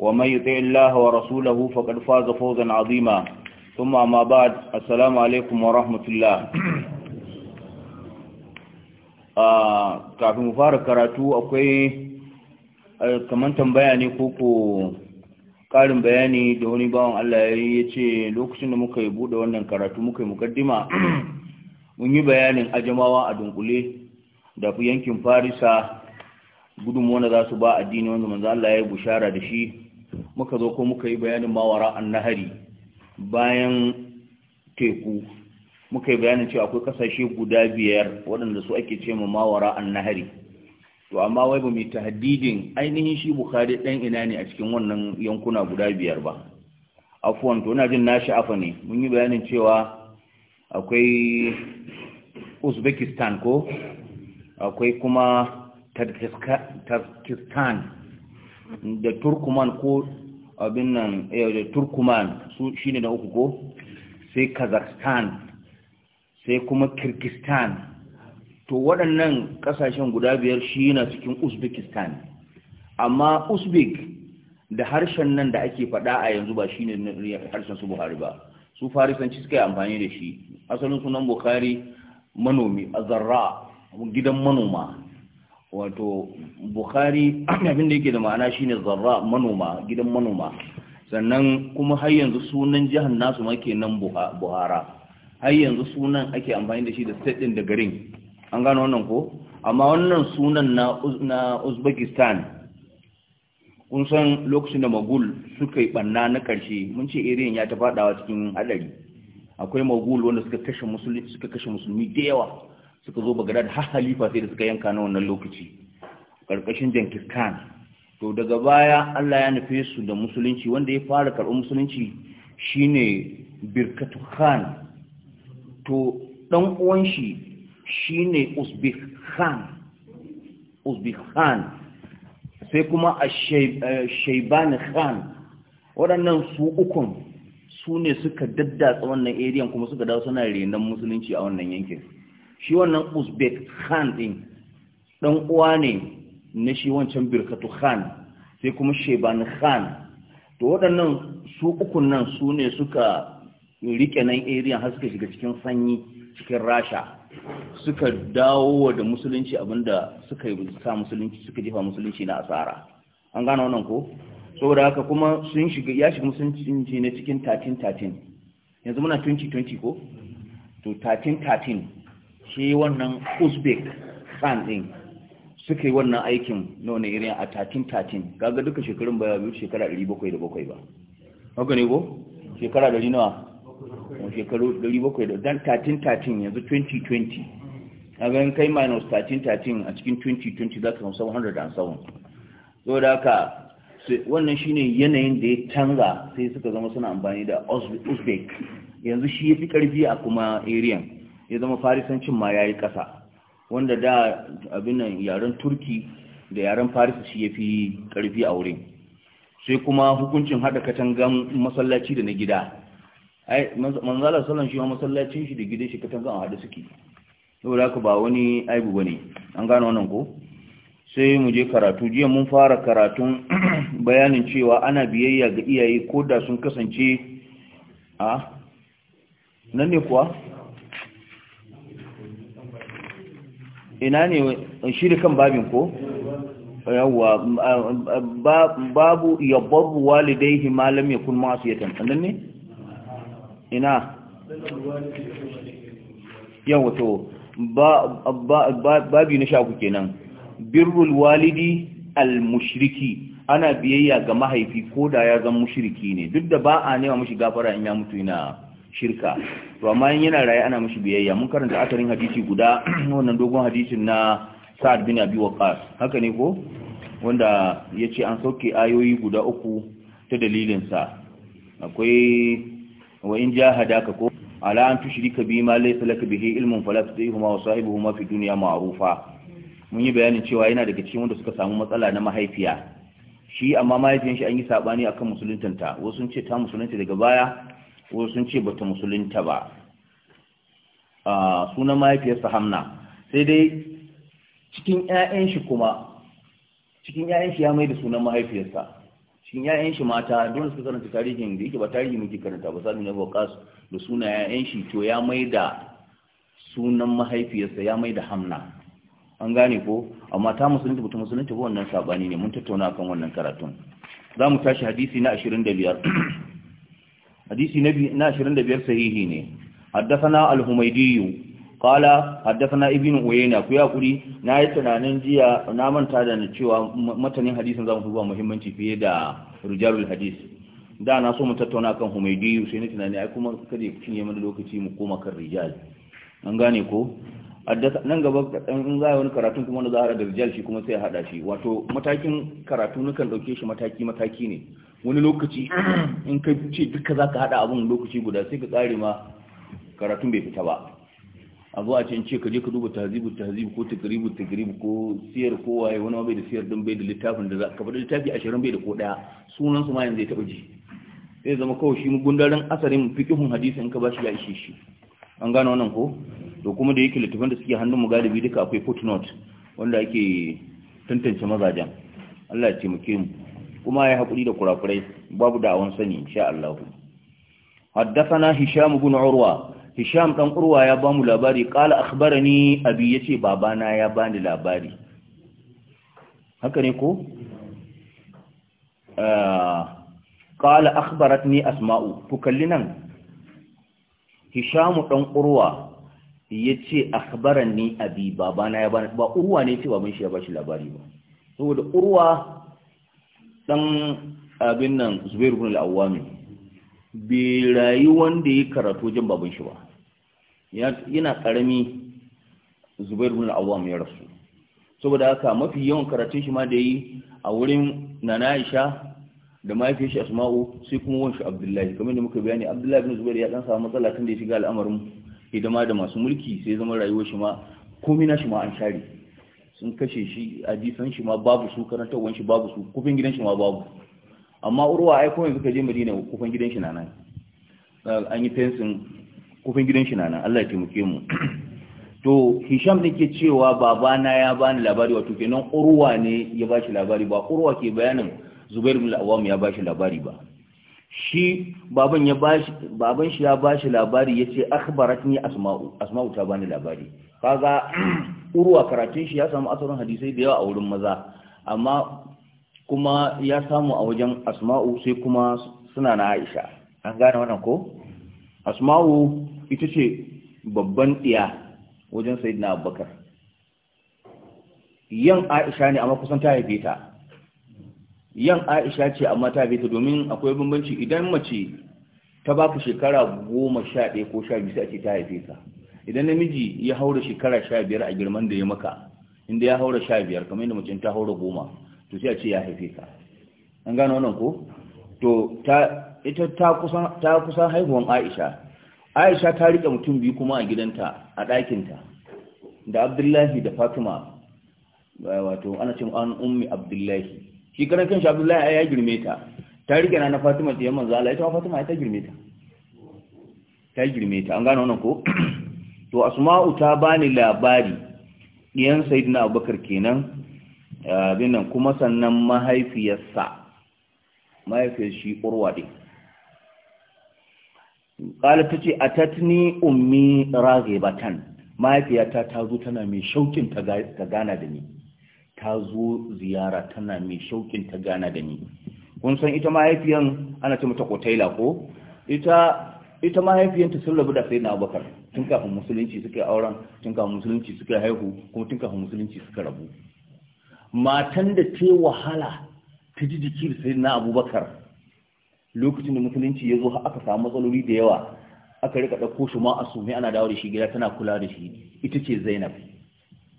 ومن يطع الله ورسوله فقد فاز فوزا عظيما ثم ما بعد السلام عليكم ورحمة الله kafin mu fara karatu akwai kaman tambaya ne koko karin bayani da wani bawan Allah ya yi ya ce lokacin da muka yi buɗe wannan karatu muka yi mukaddima mun yi bayanin ajamawa a dunkule da yankin farisa gudunmu wanda za su ba addini wanda manzo Allah ya yi bushara da shi muka zo ko muka yi bayanin mawara an nahari bayan teku muka yi bayanin cewa akwai kasashe guda biyar waɗanda su ake ce ma mawara an nahari to amma wai ba mai tahaddidin ainihin shi bukari ɗan ina ne a cikin wannan yankuna guda biyar ba afuwan to na jin nashi afa ne mun yi bayanin cewa akwai uzbekistan ko akwai kuma tajikistan da turkuman ko abin nan eh, da turkuman su shine na uku ko sai kazakhstan sai kuma kirgistan to waɗannan ƙasashen guda biyar shi yana cikin uzbekistan amma uzbek da harshen nan da ake faɗa a yanzu ba shi ne harshen su buhari ba su farisanci suka yi amfani da shi asalin sunan buhari manomi a zarra gidan manoma wato bukhari abin da yake da ma'ana shine zarra manoma gidan manoma sannan kuma har yanzu sunan jihar nasu ma nan buhara har yanzu sunan ake amfani da shi da state din da garin an gano wannan ko amma wannan sunan na na uzbekistan kun san lokacin da magul suka yi banna na karshe mun ce irin ya ta fadawa cikin hadari akwai magul wanda suka kashe musulmi suka kashe musulmi da yawa suka zo bagdad har halifa sai da suka yanka na wannan lokaci karkashin jenkis khan to daga baya allah ya nufe su da musulunci wanda ya fara karɓar musulunci shine birkatu khan to ɗan uwan shi shine usbek khan usbek khan sai kuma a eh, shaibani khan waɗannan su ukun su ne suka daddatsa wannan eriyan kuma suka dawo suna renon musulunci a wannan yankin shi wannan uzbek khan din dan uwa ne na shi wancan birkatu khan sai kuma sheban khan to waɗannan su ukun nan su ne suka rike nan area har suka shiga cikin sanyi cikin rasha suka dawo da musulunci abinda suka yi sa musulunci suka jefa musulunci na asara an gano wannan ko saboda haka kuma sun shiga ya shiga musulunci ne cikin 1313 yanzu muna 2020 ko to 1313 shi wannan uzbek khan din suka yi wannan aikin na wani irin a tatin tatin gaga duka shekarun baya biyu shekara 777 ba haka ne ko shekara 100 nawa shekaru 700 dan tatin tatin yanzu 2020 kaga kai minus tatin tatin a cikin 2020 za ka samu 107 so da haka wannan shine yanayin da ya canza sai suka zama suna amfani da uzbek yanzu shi ya fi karfi a kuma ariyan. ya zama farisancin ma ya yi ƙasa wanda da abin yaren turki da yaren farisa shi ya fi ƙarfi a wurin sai kuma hukuncin haɗa katangan masallaci da na gida ai manzala salon shi ma masallacin shi da gidan shi katangan a haɗe suke Yau da ba wani aibu ba ne. an gano wannan ko sai mu je karatu jiya mun fara karatun bayanin cewa ana biyayya ga iyaye ko da sun kasance a nan ne kuwa ina ne kan babin ko yawwa babu ya babu walidaihi malam ya kun masu ya tantanin ne ina yawwa to babi na shaku kenan birrul walidi al-mushriki ana biyayya ga mahaifi ko da ya zan mushriki ne duk da ba a nema mushi gafara in ya mutu ina shirka to amma in yana raye ana mashi biyayya mun karanta akarin hadisi guda wannan dogon hadisin na Sa'ad bin Abi Waqqas haka ne ko wanda yace an sauke ayoyi guda uku ta dalilin sa akwai wa in jahadaka ko ala an tushrika bi ma laysa laka bihi ilmun fala tutihuma wa sahibuhuma fi dunya ma'rufa mun yi bayanin cewa yana daga cikin wanda suka samu matsala na mahaifiya shi amma mahaifiyan shi an yi sabani akan musuluntanta wasu sun ce ta musulunta daga baya Ko sun ce bata musulunta ba A sunan mahaifiyarsa hamna sai dai cikin 'ya'yan shi kuma cikin 'ya'yan shi ya mai da sunan mahaifiyarsa cikin 'ya'yan shi mata don su karanta tarihin da yake ba tarihi muke karanta ba sami na bokas da suna 'ya'yan shi to ya mai da sunan mahaifiyarsa ya mai da hamna an gane ko amma ta musulunta bata musulunta ba wannan sabani ne mun tattauna kan wannan karatun za mu tashi hadisi na 25 hadisi na 25 sahihi ne haddathana al-humaydi qala haddathana ibnu uyayna ku ya kuri na yi tunanin jiya na manta da cewa matanin hadisin zamu zuwa muhimmanci fiye da rijalul hadis da na so mu tattauna kan humaydi sai ni tunani ai kuma kada kin yi mana lokaci mu koma kan rijal an gane ko haddasa nan gaba in za a wani karatun kuma na za a da rijal shi kuma sai a hada shi wato matakin karatu nukan ɗauke shi mataki-mataki ne wani lokaci in ka ce duka za ka haɗa abin lokaci guda sai ka tsari ma karatun bai fita ba a zo a ce in ce ka je ka duba tahzibu tahzibu ko takribu takribu ko siyar ko waye wani ma bai da siyar din bai da littafin da za ka faɗi littafi ashirin bai da ko ɗaya sunan su ma yanzu ya taɓa ji zai zama kawai shi gundarin asarin fiƙihun hadisi in ka ba shi ya ishe shi an gano wannan ko to kuma da yake littafin da suke hannun mu galibi duka akwai footnote wanda ake tantance mazajen Allah ya taimake mu kuma ya haƙuri da kurakurai babu awon sani insha Allah haddathana hisham ibn urwa hisham dan urwa ya bamu labari qala akhbarani abi yace babana ya bani labari haka ne ko qala ah, akhbaratni asma'u tukallinan hisham dan urwa yace akhbarani abi babana ya bani ba urwa ne ce baban shi ya bashi labari ba saboda urwa dan abin nan Zubairu ibn al-Awwami bi rayu wanda ya karatu jin baban shi ba yana karami Zubairu ibn al ya rasu saboda haka mafi yawan karatun shi ma da yi a wurin Nana Aisha da mahaifiyar shi Asma'u sai kuma shi Abdullahi kamar da muka bayani Abdullahi ibn Zubair ya dan samu matsala tun da ya shiga al'amarin hidima da masu mulki sai zama rayuwar shi ma komai na shi ma an share sun kashe shi a jisan shi ma babu su karantarwan shi babu su kufin gidan shi ma babu amma urwa ai kawai suka je madina kufin gidan shi na nan an yi fensin kufin gidan shi na nan Allah ya taimake mu to hisham ne ke cewa babana ya bani labari wato kenan urwa ne ya bashi labari ba urwa ke bayanin zubair bin al-awwam ya bashi labari ba shi baban ya bashi baban shi ya bashi labari yace akhbaratni asma'u asma'u ta bani labari kaga urwa karatun shi ya samu asarin hadisai da yawa a wurin maza amma kuma ya samu a wajen asma'u sai kuma suna na Aisha an gane wannan ko asma'u ita ce babban diya wajen sayyidina Abubakar yan Aisha ne amma kusan ta haife ta yan aisha ce amma ta ta domin akwai bambanci idan mace ta baka shekara goma sha ɗaya ko sha biyu sai ake ta haife ka idan namiji ya haura shekara sha biyar a girman da ya maka inda ya haura sha biyar kamar yadda mace ta haura goma to sai a ce ya haife ka an gano wannan ko to ta ita ta kusan ta kusan haihuwan aisha aisha ta rike mutum biyu kuma a gidanta a ɗakinta da abdullahi da fatima wato ana ce an ummi abdullahi shi karan kan Abdullahi ya girme ta ta rike na Fatima ta yamma zala ita Fatima ta girme ta ta girme ta an gane wannan ko to Asma'u ta bani labari diyan Sayyidina Abubakar kenan eh, abin nan kuma sannan mahaifiyarsa mahaifiyar shi Urwa din kala tace atatni a ummi ragibatan mahaifiyata ta zo tana mai shaukin ta gana da ni ta zo ziyara tana mai shaukin ta gana da ni kun san ita mahaifiyan ana ce mata kotaila ko ita ita mahaifiyanta sun rabu da sayyidina abubakar tun kafin musulunci suka auren tun kafin musulunci suka haihu kuma tun kafin musulunci suka rabu matan da ta wahala ta ji jiki da sayyidina abubakar lokacin da musulunci ya zo har aka samu matsaloli da yawa aka rika ɗauko shi ma asumi ana dawo da shi gida tana kula da shi ita ce zainab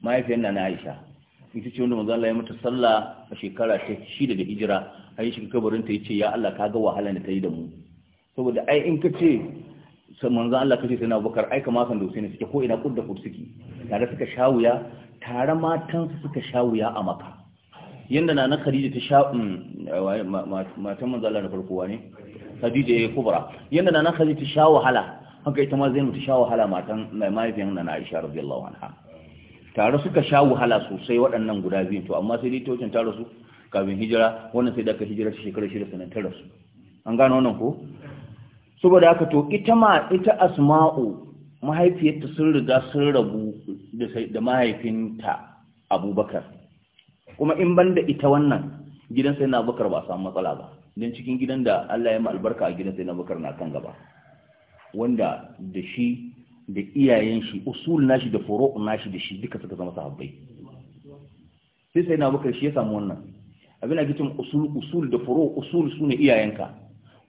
mahaifiyar na na aisha ita ce wanda manzo Allah ya mata sallah a shekara ta shida da hijira a yi kabarin ta yace ya Allah kaga wahala da ta yi da mu saboda ai in ka ce manzo Allah kace sai na Abubakar ai kama san da ne suke ko ina kudda kudda suke tare suka shawuya tare matan su suka shawuya a maka yanda na Khadija ta sha mm, matan manzo Allah na farko wane Khadija ya eh, kubra yanda na Khadija ta sha wahala haka ita ma zai ta sha wahala matan mai mahaifiyar nana Aisha radiyallahu anha tare suka sha wahala sosai waɗannan guda biyun to amma sai dai tocin ta rasu kafin hijira wannan sai da aka hijira shekarar shida sanan ta rasu an gano wannan ko saboda haka to ita ma ita asma'u mahaifiyarta sun riga sun rabu da mahaifinta abubakar kuma in banda ita wannan gidan sai na bakar ba a samu matsala ba don cikin gidan da allah ya ma albarka a gidan sai na bakar na kan gaba wanda da shi da iyayen shi usul nashi da furu nashi da shi duka suka zama sahabbai sai sai na bakar shi ya samu wannan abin da gicin usul usul da furu usul sune iyayenka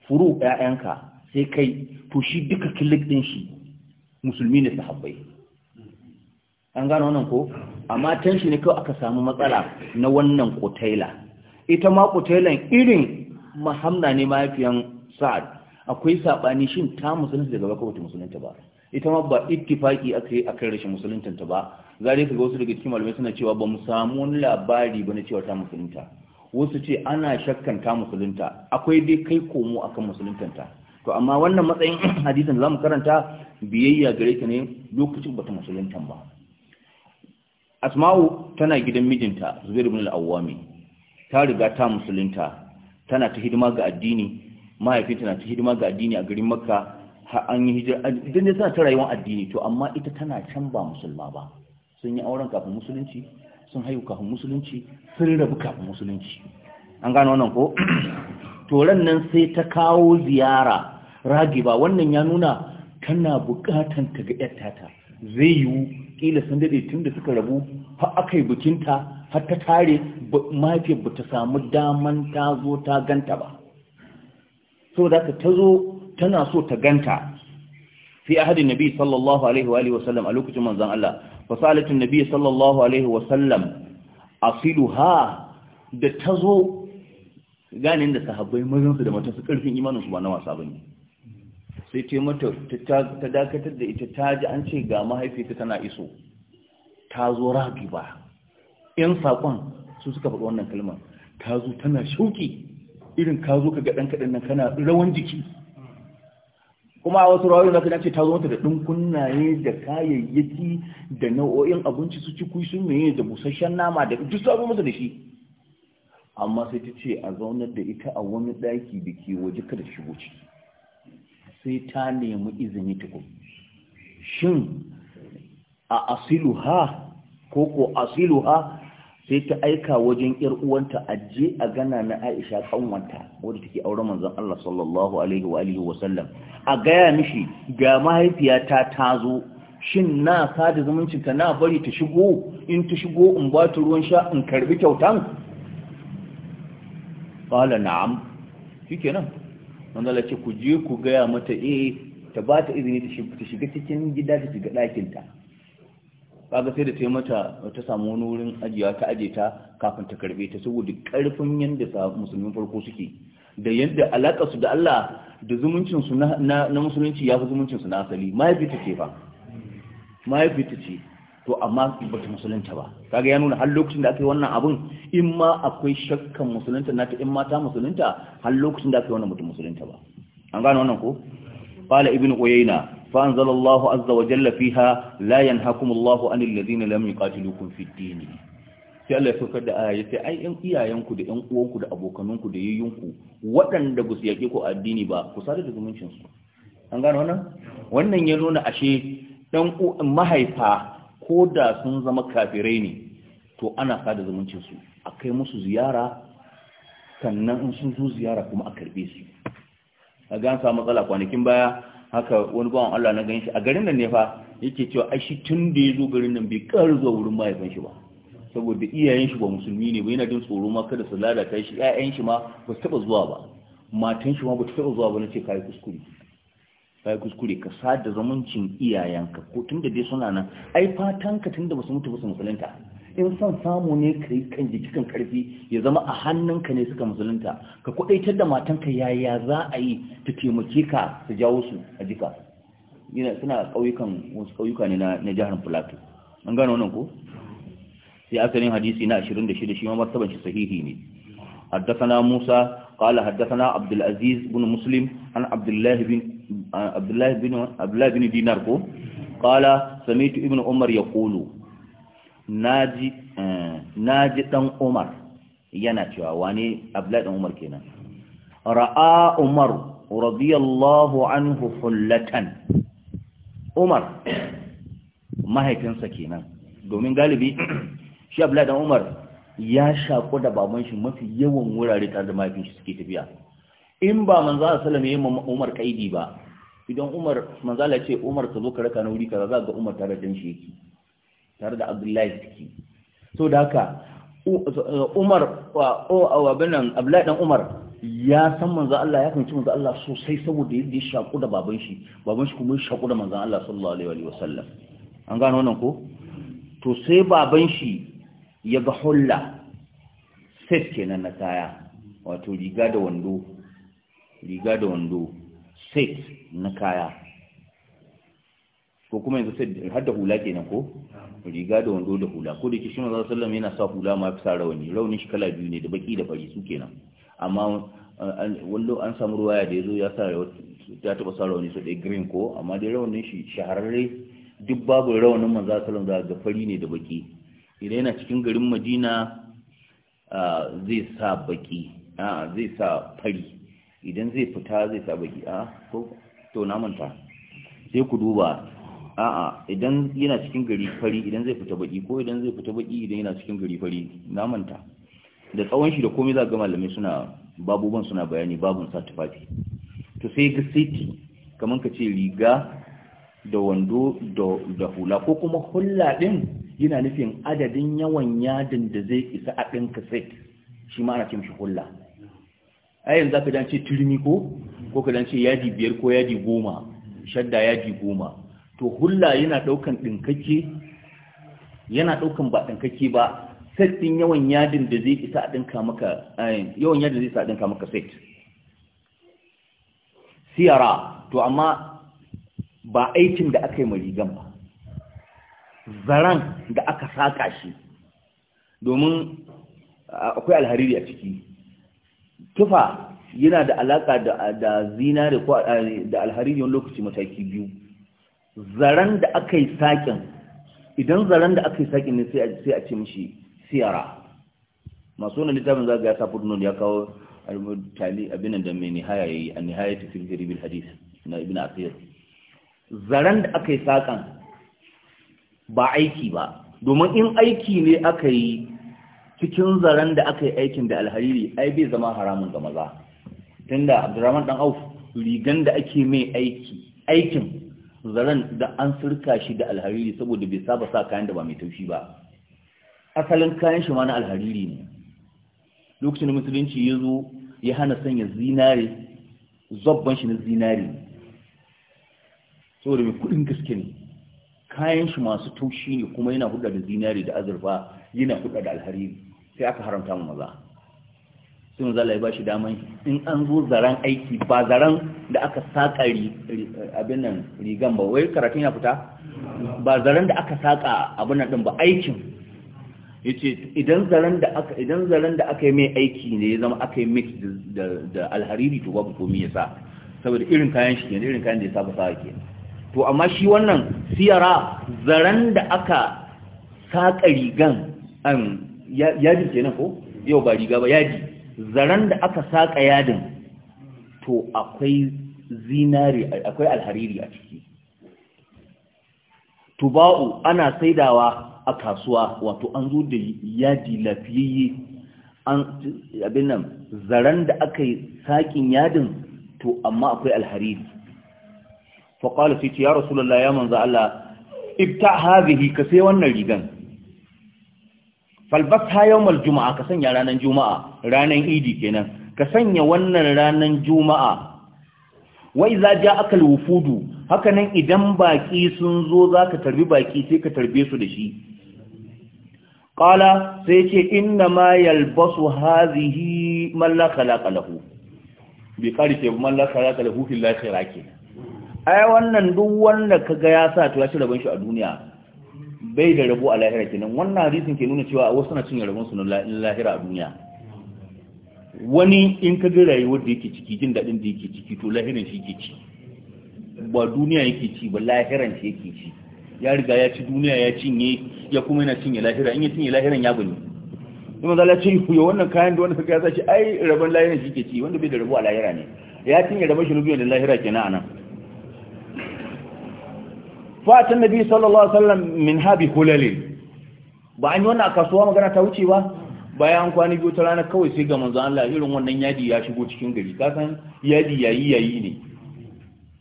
furu ƴaƴanka sai kai to shi duka kilik din shi musulmi ne sahabbai an gano wannan ko amma tan shi ne kawai aka samu matsala na wannan kotaila ita ma kotailan irin mahamna ne mahaifiyar sa'ad akwai sabani shin ta Musulunci daga bakwai wata musulunta ba ita ma ba ittifaki aka yi kan rashin musuluntanta ba zare ka ga wasu daga cikin malamai suna cewa ba mu samu wani labari ba na cewa ta musulunta wasu ce ana shakkan ta musulunta akwai dai kai komo akan musuluntanta to amma wannan matsayin hadisin mu karanta biyayya gare ta ne lokacin bata musuluntan ba asma'u tana gidan mijinta Zubairu bin al'awami ta riga ta musulunta tana ta hidima ga addini mahaifinta na ta hidima ga addini a garin makka an yi hijira idan dai suna ta rayuwar addini to amma ita tana can ba musulma ba sun yi auren kafin musulunci sun haihu kafin musulunci sun rabu kafin musulunci an gano wannan ko toran nan sai ta kawo ziyara ba, wannan ya nuna tana bukatan ta ga tata zai yiwu kila sun dade tun da suka rabu har aka yi bikinta har ta tare mafi ba ta samu daman ta zo ta ganta ba so da ta zo tana so ta ganta fi ahadin nabi sallallahu alaihi wa alihi a lokacin manzon Allah fasalatin nabi sallallahu alaihi wasallam asiluha da tazo ganin da sahabbai mazan su da mata su karfin imanin su ba na wasa bane sai ce mata ta dakatar da ita ta ji an ce ga mahaifiyarta tana iso ta zo ragiba yan sakon su suka faɗi wannan kalmar ta zo tana shauki irin ka zo ka ga ɗan kaɗan nan kana rawan jiki kuma a wasu rawayoyi zaka dace ta zo mata da kunnaye da kayayyaki da nau'o'in abinci su ci kuyi sun meye da busasshen nama da duk su mata da shi amma sai ta ce a zaunar da ita a wani daki da ke waje kada shigo ciki sai ta nemi izini ta kuma shin a ha, ko ko ha? sai ta aika wajen ƴar uwanta aje a gana na Aisha kanwanta wadda take auren manzon Allah sallallahu alaihi wa alihi wa sallam a gaya mishi ga mahaifiyata ta zo shin na sada zumuncin ta na bari ta shigo in ta shigo in ba ta ruwan sha in karbi kyautan qala na'am shikenan manzo Allah ce ku je ku gaya mata eh ta ba ta izini ta shiga cikin gida ta shiga ɗakin ta kaga sai da ta mata ta samu wani wurin ajiya ta aje ta kafin ta karbe ta saboda karfin yanda musulmin farko suke da yadda alaƙa su da Allah da zumuncin su na musulunci ya fi zumuncin su na asali mahaifita ce ba. mahaifita ce to amma ba ta musulunta ba kaga ya nuna har lokacin da aka yi wannan abun in ma akwai shakkan musulunta na ta in ma ta musulunta har lokacin da aka yi wannan mutum musulunta ba an gane wannan ko fala ibnu uyayna فأنزل الله عز وجل فيها لا ينهاكم الله عن الذين لم يقاتلوكم في الدين sai Allah ya saukar da aya sai ai ƴan iyayenku da ƴan uwanku da abokananku da yayyunku waɗanda ba su yake ku addini ba ku sadar da zumuncin su an gano wannan wannan ya nuna ashe dan mahaifa ko da sun zama kafirai ne to ana sada zumuncin su kai musu ziyara sannan in sun zo ziyara kuma a karbe su a gan samu matsala kwanakin baya haka wani bawan Allah na gan shi a garin nan ne fa yake cewa ai shi tun da ya zo garin nan bai kar zuwa wurin mahaifin shi ba saboda iyayen shi ba musulmi ne ba yana jin tsoro ma kada su lalata shi ƴaƴan shi ma ba su taɓa zuwa ba matan shi ma ba taɓa zuwa ba na ce kai kuskure kai kuskure ka sada zumuncin iyayenka ko tun da dai suna nan ai fatan ka tun da ba su mutu ba su musulunta in son samu ne ka yi kan jikin karfi ya zama a hannunka ne suka musulunta ka kudaitar da matanka yaya za a yi ta taimake ka su jawo su a jika yana suna ƙauyukan wasu ƙauyuka ne na jihar plateau an gano nan ko sai asalin hadisi na 26 shi ma martaban shi sahihi ne حدثنا musa qala حدثنا abdul aziz ibn muslim an abdullah bin abdullah bin abdullah bin dinar ko بن دينار قال سمعت ابن عمر يقول naji eh, naji dan Umar yana cewa wani Abdullahi dan Umar kenan ra'a Umar radiyallahu anhu hullatan Umar mahaifinsa kenan domin galibi shi Abdullahi dan Umar ya shaku da baban shi mafi yawan wurare tare da mahaifin shi suke tafiya in ba manzo a sallallahu alaihi wasallam Umar kaidi ba idan Umar manzo Allah ce Umar ka zo ka raka na wuri kaza za ga Umar tare da shi yake tare da abdullahi ciki so da haka umar abinan abdullahi dan umar ya san manzan Allah ya kanci manzan Allah sosai saboda yadda ya shaku da baban shi baban shi kuma ya shaku da manzan Allah sallallahu alaihi wa sallam an gano wannan ko to sai baban shi ya ga hulla set kenan na kaya wato riga da wando riga da wando set na kaya ko kuma yanzu sai har da hula kenan ko riga da wando da hula ko da ke shi manzo sallama yana sa hula ma fi sa rawani raunin shi kala biyu ne da baki da fari su kenan amma wallo an samu ruwaya da zo ya sa ya taɓa sa rawani su ɗaya green ko amma dai rawanin shi shahararre duk babu rawanin manzo sallama da ga fari ne da baki idan yana cikin garin Madina zai sa baki a zai sa fari idan zai fita zai sa baki a ko to na manta sai ku duba a'a idan yana cikin gari fari idan zai fita baki ko idan zai fita baki idan yana cikin gari fari na manta da tsawon shi da komai za ga malamai suna babuban suna bayani babun sa to sai ga siti kamar ka ce riga da wando da hula ko kuma hula din yana nufin adadin yawan yadin da zai isa a ɗin set shi ma ana ce hula a yanzu za ka dan turmi ko ko ka dan yadi biyar ko yadi goma shadda yadi goma to hulla yana ɗaukan ɗinkakke yana ɗaukan ba ɗinkake ba set yawan yadin da zai isa a ɗinka maka eh, yawan yadin zai isa a ɗinka maka set siyara to amma ba aikin da aka yi ma rigan ba zaran da aka saka shi domin ah, akwai alhariri a ciki tufa yana da alaƙa da zinare ko eh, da alhariri wani lokaci mataki biyu zaren da aka yi saƙin idan zaren da aka yi saƙin ne sai a ce mishi siyara masu wani littafin ga ya sa footnote ya kawo tali abinan da mai nihaya yi, a nihaya ta fil garibin hadis na a asir zaren da aka yi saƙan ba aiki ba domin in aiki ne aka yi cikin zaren da aka yi aikin da alhariri ai bai zama haramun ga maza tunda abdurrahman dan auf rigan da ake mai aiki aikin zaren da an surka shi da alhariri saboda bai saba sa kayan da ba mai taushi ba asalin kayan shi ma na alhariri ne lokacin da musulunci ya zo ya hana sanya zinare zobban shi na zinare saboda mai kudin gaske ne kayan shi masu taushi ne kuma yana hudda da zinare da azurfa yana hudda da alhariri sai aka haramta mu maza sun zala ya ba shi damar in an zo zaran aiki ba zaran da aka saka abin nan rigan ba wai karatun ya fita ba zaran da aka saka abin nan ba aikin yace idan zaren da aka idan zaran da aka yi mai aiki ne ya zama aka yi mix da alhariri to babu komi ya sa saboda irin kayan shi kenan irin kayan da ya saba sa kenan to amma shi wannan siyara zaran da aka saka rigan an yaji ji kenan ko yau ba riga ba yaji zaren da aka saka yadin to akwai zinari akwai alhariri a ciki tuba'u ana saidawa a kasuwa wato an zo da yadi lafiyayye an abin nan zaren da aka yi saƙin yadin to amma akwai alhariri faƙalu ce ya rasulullah ya manza Allah ibta hazihi ka sai wannan rigan falbas yawmal juma'a ka sanya ranar juma'a ranar idi kenan ka sanya wannan ranar juma'a wa iza ja'aka alwufudu haka nan idan baki sun zo zaka tarbi baki sai ka tarbe su da shi qala sai yace inna ma yalbasu hazihi man la khalaqa lahu bi qarike man la khalaqa lahu fil akhirati ai wannan duk wanda kaga ya sa to ya ci rabon shi a duniya bai da rabo a lahira kenan wannan hadisin ke nuna cewa wasu na cinye rabon su na lahira a duniya wani in ka ga rayuwar da yake ciki jin daɗin da yake ciki to lahiran shi yake ci ba duniya yake ci ba lahiran shi yake ci ya riga ya ci duniya ya cinye ya kuma yana cinye lahira in ya cinye lahiran ya bani kuma zala ce ku ya wannan kayan da wanda suka yasa shi ai rabon lahiran shi yake ci wanda bai da rabo a lahira ne ya cinye rabon shi ne da lahira kenan anan fatan nabi sallallahu alaihi wasallam min habi kulali ba an yi wannan kasuwa magana ta wuce ba bayan kwani biyu ta rana kawai sai ga manzo Allah irin wannan yadi ya shigo cikin gari ka san yadi yayi yayi ne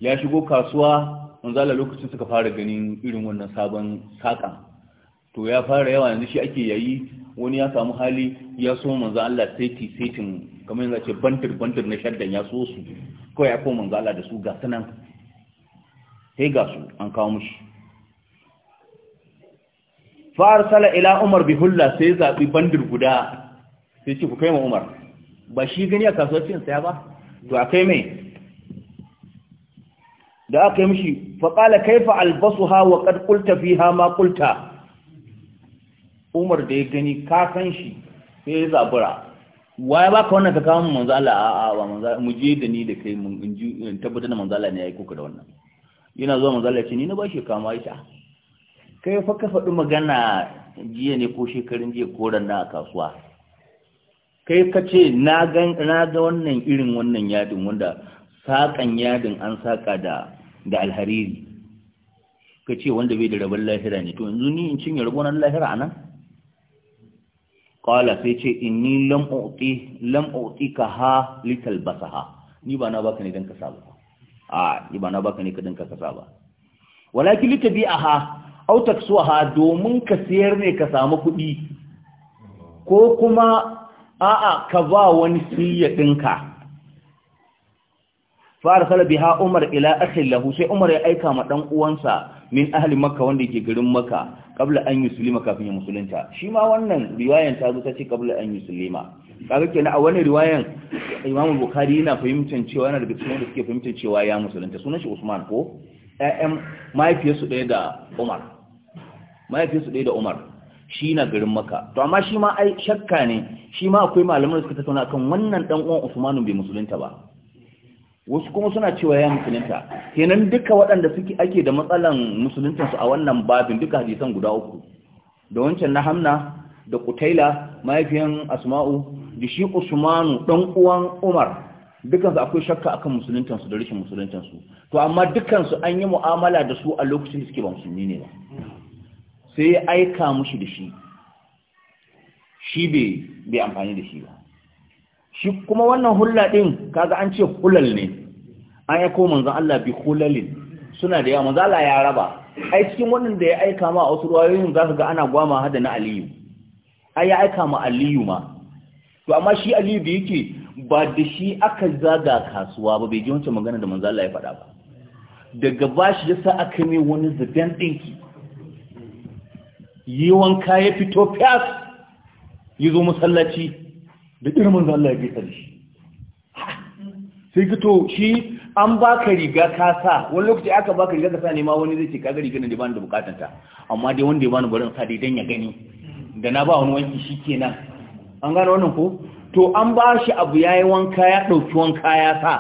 ya shigo kasuwa manzo Allah lokacin suka fara ganin irin wannan sabon saka to ya fara yawa yanzu shi ake yayi wani ya samu hali ya so manzo Allah saiti saitin kamar yanzu ce bantir bantir na shaddan ya so su kawai ya ko manzo Allah da su ga sanan sai ga su an kawo mushi fa'ar sala ila umar bi hulla sai zaɓi bandir guda sai ce ku kai ma umar ba shi gani a kasuwancin saya ba to a kai mai da aka yi mushi faƙala kaifa albasu ha wa ƙad ƙulta fi ha ma ƙulta umar da ya gani ka san shi sai ya zabura waye ba ka wannan ka kawo manzala a a ba manzala mu je da ni da kai mun tabbatar da manzala ne ya yi kuka da wannan yana zuwa mazalaci ni na ba shi kama Aisha. kai fa ka faɗi magana jiya ne ko shekarun jiya ko ranna a kasuwa kai ka ce na ga wannan irin wannan yadin wanda saƙan yadin an saƙa da da alhariri ka ce wanda bai da rabon lahira ne to yanzu ni in cinye rabon lahira a nan ƙwala sai ce in ni lam'auti ka ha littal basa ni ba na baka ne don ka sabu a ba na baka ne ka dinka kasa ba walakin litabi'aha aw taksuha domin ka siyar ne ka samu kuɗi ko kuma a'a ka ba wani siya dinka fara arsala biha umar ila akhi lahu sai umar ya aika ma dan uwansa min ahli makka wanda yake garin makka kabla an yi sulima kafin ya musulunta shi ma wannan riwayan ta zo ta ce kabla an sulima kaga kenan a wannan riwayan Imam Bukhari yana fahimtar cewa yana daga cikin da suke fahimtar cewa ya musulunta sunan shi Usman ko ƴaƴan mahaifiyarsu ɗaya da Umar mahaifiyarsu ɗaya da Umar shi na garin Makka to amma shi ma ai shakka ne shi ma akwai malaman da suka tattauna akan wannan dan uwan usmanu bai musulunta ba wasu kuma suna cewa ya musulunta kenan duka waɗanda suke ake da matsalan musuluntansu a wannan babin duka hadisan guda uku da wancan na hamna da kutaila mahaifiyan asma'u da shi usmanu ɗan uwan umar dukansu akwai shakka akan musuluntansu da rashin musuluntansu to amma dukansu an yi mu'amala da su a lokacin da suke ba musulmi ne ba sai ya aika mushi da shi shi bai amfani da shi ba shi kuma wannan hulla ɗin kaga an ce hulal ne an ya koma zan Allah bi hulalin suna da yawa Manzala ya raba ai cikin wannan da ya aika ma a wasu ruwayoyin za ga ana gwama hada na Aliyu ai ya aika ma Aliyu ma to amma shi Aliyu da yake ba da shi aka zaga kasuwa ba bai ji wancan magana da Manzala ya faɗa ba daga bashi sa aka mai wani zaben ɗinki yi wanka ya fito fiyas yi zo masallaci da irin manzo Allah ya gaisa da shi sai ka to shi an baka riga ka sa wani lokaci aka baka riga ka sa ne ma wani zai ce ka gari ne da bani da bukatan ta amma dai wanda ya bani barin sa dai dan ya gani da na ba wani wanki shikenan an gane wannan ko to an ba shi abu yayi wanka ya dauki wanka ya sa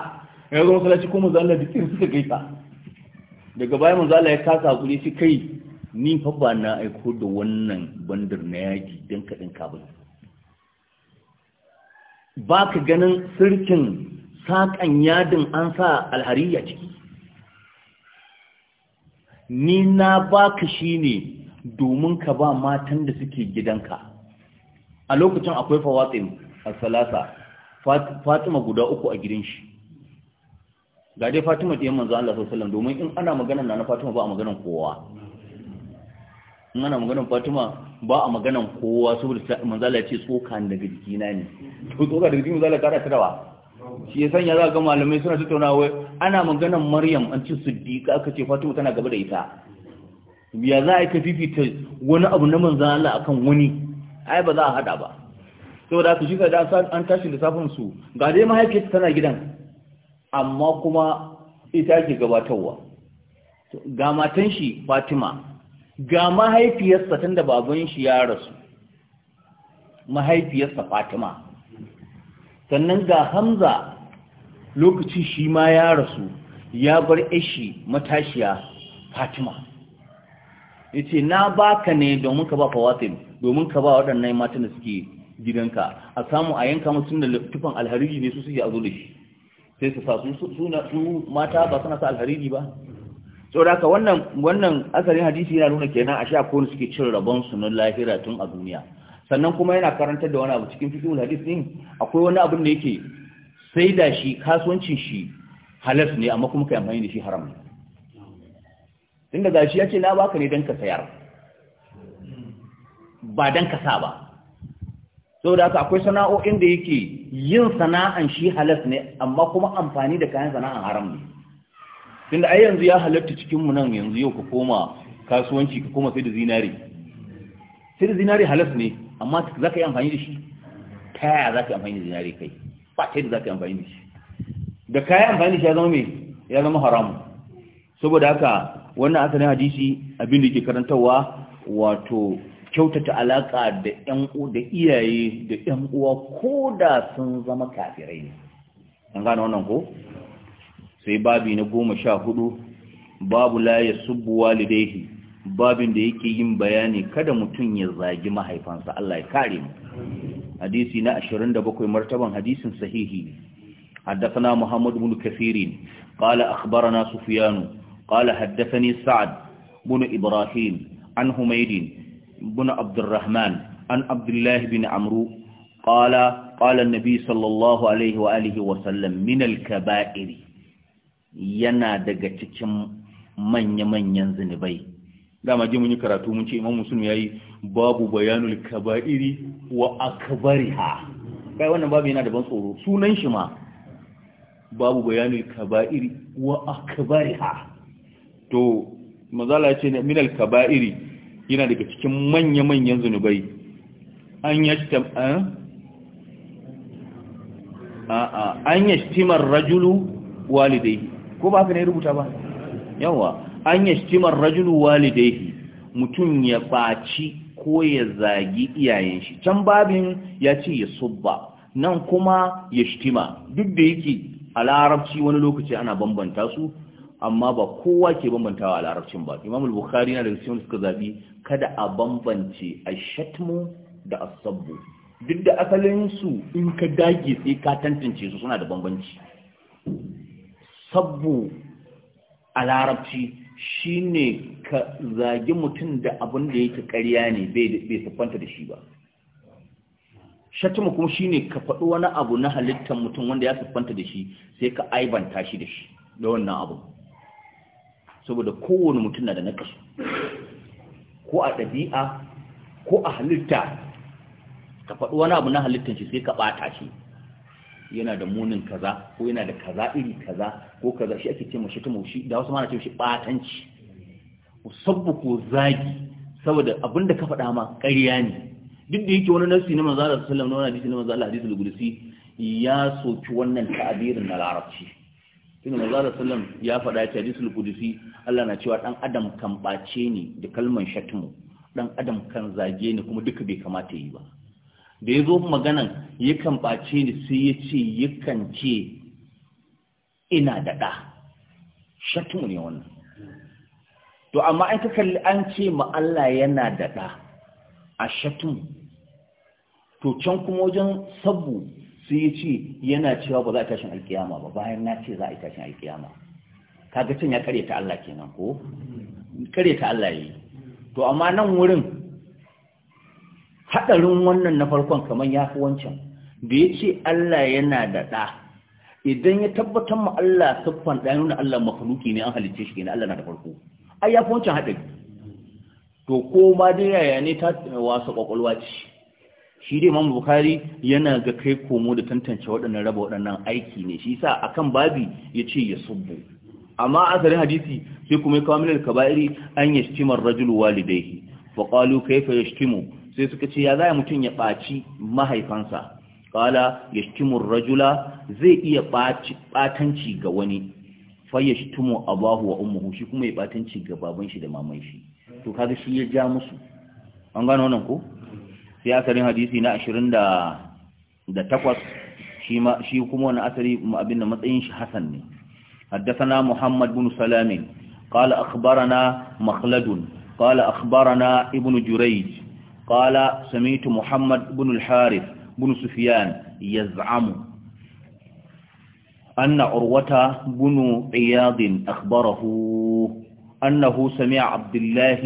ya zo masallaci ko manzo Allah dukkan suka gaisa daga bayan manzo Allah ya kasa ne shi kai ni fa ba na aiko da wannan bandar na yaji dan kadin kabin ba ka ganin sirkin saƙan yadin an sa alhariya ciki ni na baka shi ne domin ka ba matan da suke gidanka a lokacin akwai fawatsin a salasa fatima guda uku a gidan shi ga dai fatima ɗiyan manzo Allah sallallahu domin in ana magana na na fatima ba a maganan kowa ana maganan fatima ba a maganan kowa saboda manzala ya ce tsoka daga jikina ne to tsoka daga jikin manzala kara tarawa shi ya sanya za ga malamai suna tattauna wai ana maganan maryam an ce siddiqa aka ce fatima tana gaba da ita ya za a yi fifita wani abu na manzala akan wani ai ba za a hada ba saboda ka shi da an tashi lissafin su ga dai mahaifiyarta tana gidan amma kuma ita ke gabatarwa ga matan shi fatima ga mahaifiyarsa tun da baban shi ya rasu mahaifiyarsa fatima sannan ga hamza lokaci shi ma ya rasu ya bar ishi matashiya fatima yace na baka ne domin ka ba fawatin domin ka ba waɗannan matan da suke gidanka a samu a yanka musu da tufan alhariri ne su suke a zo da shi sai su sa su mata ba suna sa alhariri ba saboda wannan wannan asalin hadisi yana nuna kenan a sha kowane suke cin rabon su na lahira tun a duniya sannan kuma yana karantar da wani abu cikin fikin hadis din akwai wani abin da yake sai da shi kasuwancin shi halas ne amma kuma kai amfani da shi haram ne shi gashi yace na baka ne dan ka sayar ba dan ka sa ba saboda haka akwai sana'o'in da yake yin sana'an shi halas ne amma kuma amfani da kayan sana'an haram ne tunda ai yanzu ya halatta cikin mu nan yanzu yau ka koma kasuwanci ka koma sai da zinare sai da zinare halas ne amma za ka yi amfani da shi ta yaya za ka yi amfani da zinare kai ba ta da za ka yi amfani da shi da ka yi amfani da shi ya zama mai ya zama haram saboda haka wannan asalin hadisi abin da ke karantarwa wato kyautata alaka da ƴan da iyaye da ƴan uwa ko da sun zama kafirai ne an gane wannan ko sai babi na goma sha hudu babu laye subu walidehi babin da yake yin bayani kada mutum ya zagi mahaifansa Allah ya kare mu hadisi na 27 martaban hadisin sahihi haddathana muhammad ibn kathirin qala akhbarana sufyan qala haddathani sa'ad ibn ibrahim an humaydin ibn abd an abdullah ibn amru qala qala an-nabi sallallahu alayhi wa sallam min al-kaba'iri yana daga cikin manya-manyan zunubai dama ji mun yi karatu mun ce imamu muslim yayi babu bayanul kaba'iri wa akbariha kai wannan babu yana da ban tsoro sunan shi ma babu bayanul kaba'iri wa akbariha to mazala ya ce ne minal kaba'iri yana daga cikin manya-manyan zunubai an yashtam eh? an yashtimar rajulu walidai ko ba haka ne rubuta ba yawa an yashtimar rajulu walidaihi mutum ya baci ko ya zagi iyayen shi can babin ya ce ya subba nan kuma ya yashtima duk da yake a larabci wani lokaci ana bambanta su amma ba kowa ke bambantawa a larabcin ba imam al-bukhari yana da cikin suka zabi kada a bambance ashatmu da asabbu duk da asalin su in ka dage sai ka tantance su suna da bambanci sabbu a larabci shi ne ka zagi mutum da abin da yake ƙarya ne bai siffanta da shi ba shatima kuma ne ka faɗi wani abu na halittar mutum wanda ya siffanta da shi sai ka aibanta shi da shi da wannan abu saboda kowane mutum na da nakasu ko a ɗabi'a ko a halitta ka faɗi wani abu na halittar shi sai ka ɓata shi yana da munin kaza ko yana da kaza iri kaza ko kaza shi ake ce mashi ta maushi da wasu mana ce shi batanci musabbu ko zagi saboda abinda ka faɗa ma ƙarya ne duk da yake wani nasi na manzo Allah sallallahu alaihi wasallam na wani hadisi na manzo Allah hadisi al ya soki wannan ta'abirin na larabci tunda manzo Allah sallam ya faɗa ta hadisi al Allah na cewa ɗan adam kan bace ni da kalman shatmu dan adam kan zage ni kuma duka bai kamata yi ba da ya zo maganan yakan ɓace ni sai ya ce yakan ce ina da ɗa shatu ne wannan to amma an an ce ma Allah yana da ɗa a shatu to can kuma wajen sabu sai ya ce yana cewa ba za a tashin alkiyama ba bayan na ce za a yi tashin alkiyama kaga can ya ta Allah kenan ko ta Allah yi to amma nan wurin haɗarin wannan na farkon kamar ya fi wancan da ya ce Allah yana da ɗa idan ya tabbatar ma Allah siffan ɗaya nuna Allah makhluki ne an halicce shi ne Allah na da farko ai ya fi wancan haɗari to ko ma dai yaya ne ta wasa ƙwaƙwalwa ce shi dai mamu Bukhari yana ga kai komo da tantance waɗannan raba waɗannan aiki ne shi yasa akan babi ya ce ya subbu amma asalin hadisi sai kuma ya kawo min kabairi an yashtima rajulu kai fa ya kayfa yashtimu sai suka ce ya zai mutum ya ɓaci mahaifansa ƙala yashtimur rajula zai iya ɓatanci ga wani shi fayyashtumu abahu wa umuhu shi kuma ya ɓatanci ga baban shi da maman shi to kaga shi ya ja musu an gano nan ko sai asarin hadisi na ashirin da takwas shi kuma wani asari abin da matsayin shi hasan ne حدثنا muhammad bin salamin ƙala أخبرنا مخلد قال أخبرنا ابن جريج qala sami'tu muhammad ibn al-harith ibn sufyan yaz'amu anna urwata ibn iyad akhbarahu annahu sami'a abdullah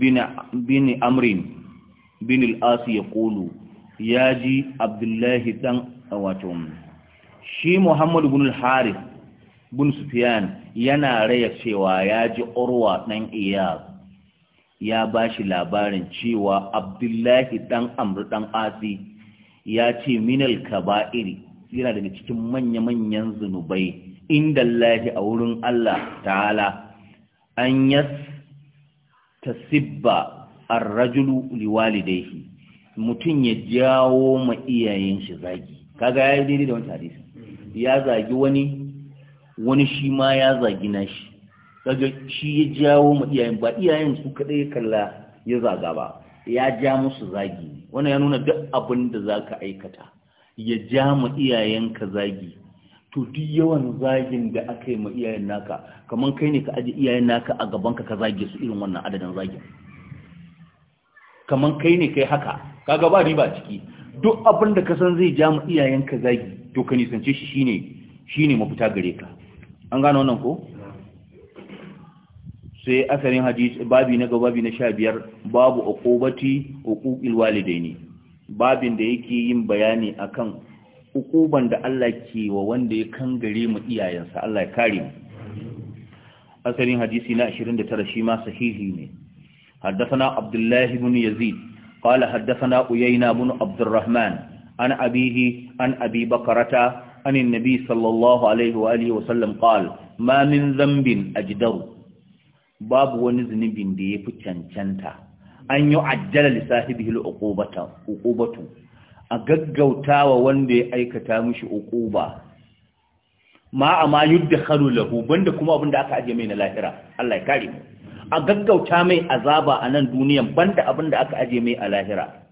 bin bin amr bin al-as yaqulu yaji abdullah dan wato shi muhammad ibn al-harith ibn yana raya cewa ji urwa dan iyad ya ba shi labarin cewa abdullahi ɗan amru ɗan asi ya ce minal kaba'iri yana daga cikin manya-manyan zunubai inda lahi a wurin Allah ta'ala an yas tasibba ar-rajulu yake. mutum ya jawo ma iyayen shi zagi kaga yi daidai da wani tarihi. ya zagi wani wani shi ma ya zagi nashi kaga shi ya jawo ma iyayen ba iyayen su kadai kalla ya zaga ba ya ja musu zagi wannan ya nuna duk abin da zaka aikata ya ja ma iyayenka zagi to duk yawan zagin da aka yi ma iyayen naka kamar kai ne ka aje iyayen naka a gaban ka ka zage su irin wannan adadin zagin kamar kai ne kai haka kaga ba riba ciki duk abin da ka san zai ja ma iyayenka zagi to ka nisance shi shine shine mafita gare ka an gano wannan ko sai asalin hadisi babi na gaba babi na biyar babu uqubati uquqil walidaini babin da yake yin bayani akan uquban da Allah ke wa wanda ya kangare mu iyayensa Allah ya kare mu asalin hadisi na 29 shi ma sahihi ne haddathana abdullah ibn yazid qala haddathana uyayna ibn abdurrahman an abihi an abi bakrata an annabi sallallahu alaihi wa alihi wa sallam qala ma min dhanbin ajdaru babu wani zunubin da ya fi cancanta an yi ajjala lissahibihi al'uqubatu a gaggautawa wanda ya aikata mishi uquba ma amma yudkhalu lahu banda kuma abin da aka aje mai na lahira Allah ya kare mu a gaggauta mai azaba a nan duniyan banda abin da aka aje mai a lahira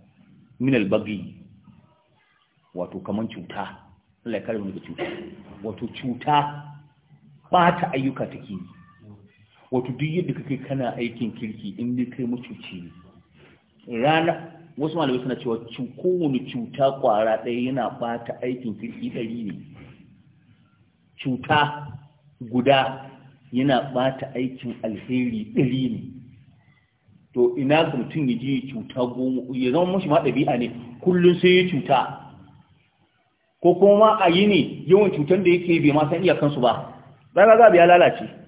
min albagi wato kaman cuta Allah ya kare mu daga cuta wato cuta ba ta ayyuka take yi wato duk yadda kake kana aikin kirki in dai kai mucuci ne rana wasu malamai suna cewa kowane cuta kwara ɗaya yana bata aikin kirki ɗari ne cuta guda yana bata aikin alheri ɗari ne to ina ga mutum ya je cuta goma ya zama mashi ma ɗabi'a ne kullum sai ya cuta ko kuma ma a yi ne yawan cutar da yake bai ma san iyakansu ba za ga ya lalace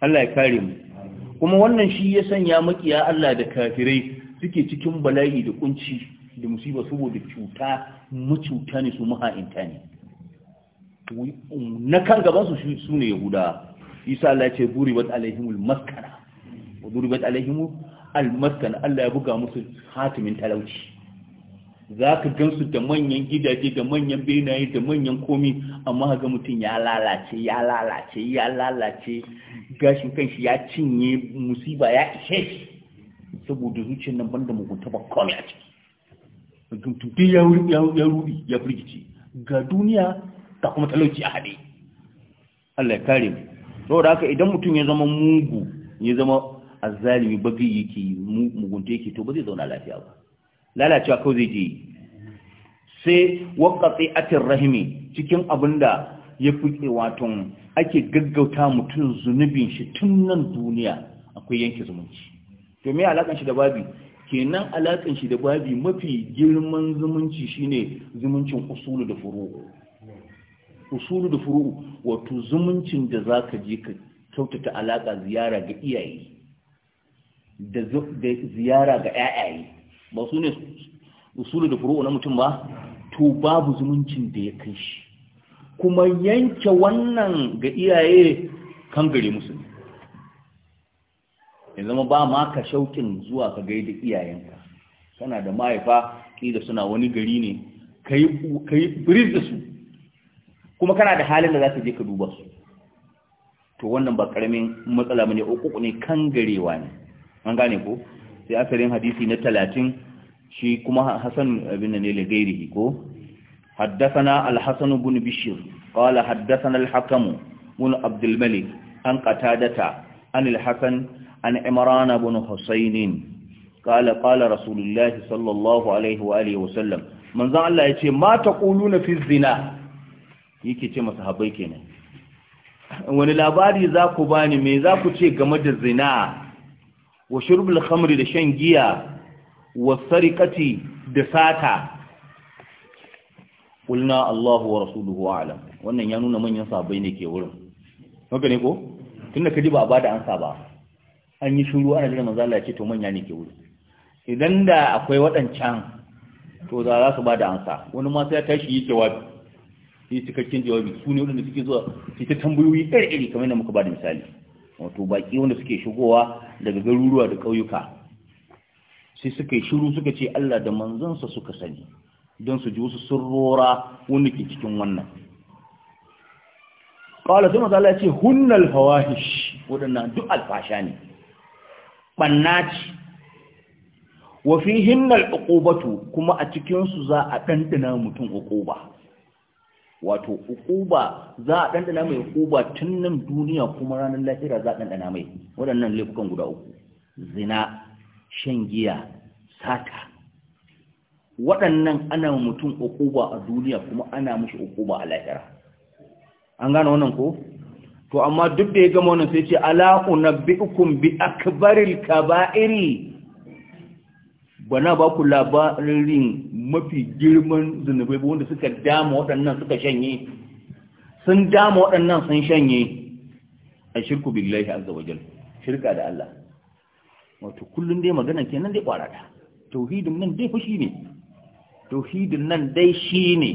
Allah ya kare mu kuma wannan shi ya sanya makiya Allah da kafirai suke cikin bala'i da kunci da musiba saboda cuta cuta ne su maha'inta ne na kan gaban su su ne yahuda isa Allah ya ce duribat alaihimul maskana duribat alaihimul almaskana Allah ya buga musu hatimin talauci za ka gansu da manyan gidaje da manyan benaye da manyan komi amma ga mutum ya lalace ya lalace ya lalace gashin kanshi ya cinye musiba ya ishe shi saboda zuciyar nan banda mugunta ba kome a ciki mutum ya rubi ya firgici ga duniya ga kuma talauci a haɗe Allah ya kare mu saboda haka idan mutum ya zama mugu ya zama azzalimi bagi yake mugunta yake to ba zai zauna lafiya ba lalacewa kawai zai je sai waƙaƙe atin rahimi cikin abin da ya fuke waton ake gaggauta mutum zunubin shi tun nan duniya akwai yanke zumunci to me alakan shi da babi kenan alakan shi da babi mafi girman zumunci shine zumuncin usulu da furu usulu da furu wato zumuncin da za ka je ka kyautata alaka ziyara ga iyaye da ziyara ga 'ya'yaye ba su ne usulu da furu'u na mutum ba to babu zumuncin da ya kai shi kuma yanke wannan ga iyaye kan gare musu ne zama ba ma ka shaukin zuwa ka gai da iyayenka kana da mahaifa kila suna wani gari ne ka yi biris da su kuma kana da halin da za ka je ka duba su to wannan ba karamin matsala ba ne uku ne kan garewa ne an gane ko sai asarin hadisi na talatin shi kuma hasan abin ne lagairihi ko haddasana alhassan bin bishir qala haddasana alhakamu bin abdul malik an qatadata an alhasan an imran bin husayn qala qala rasulullah sallallahu alaihi wa alihi wasallam manzon Allah ya ce mata ma taquluna fi zina yake ce masahabai kenan wani labari za ku bani me za ku ce game da zina wa shurbul khamri da shan giya wa sariqati da sata qulna Allahu wa rasuluhu a'lam wannan ya nuna manyan sabai ne ke wurin haka ne ko tunda kaji ba a bada ansa ba an yi shuru ana jira manzo Allah ya ce to manya ne ke wurin idan da akwai waɗancan to za za su bada ansa wani ma sai ya tashi yi jawabi yi cikakken jawabi su ne waɗanda suke zuwa su ta tambayoyi iri-iri kamar yadda muka bada misali wato baƙi wanda suke shigowa daga garuruwa da ƙauyuka sai suka yi shiru suka ce Allah da manzansa suka sani don su ji wasu sirrora wanda ke cikin wannan ƙawala sai maza Allah ya ce hunnal hawahish waɗannan duk alfasha ne ɓannaci ce wa fi hinnal ƙoƙobatu kuma a cikinsu za a ɗanɗana mutum ƙoƙoba wato hukuba za a ɗanɗana mai hukuba tun nan duniya kuma ranar lahira za a ɗanɗana mai waɗannan laifukan guda uku zina shan giya sata waɗannan ana mutum hukuba a duniya kuma ana mushi hukuba a lahira an gane wannan ko to amma duk da ya gama wannan sai ce ala unabbiukum bi akbaril kaba'iri ba na ba ku labarin mafi girman zunubai wanda suka dama waɗannan suka shanye sun dama waɗannan sun shanye a shirku billahi azza wajal shirka da Allah wato kullun dai magana kenan dai kwarata tauhidin nan dai fushi ne tauhidin nan dai shi ne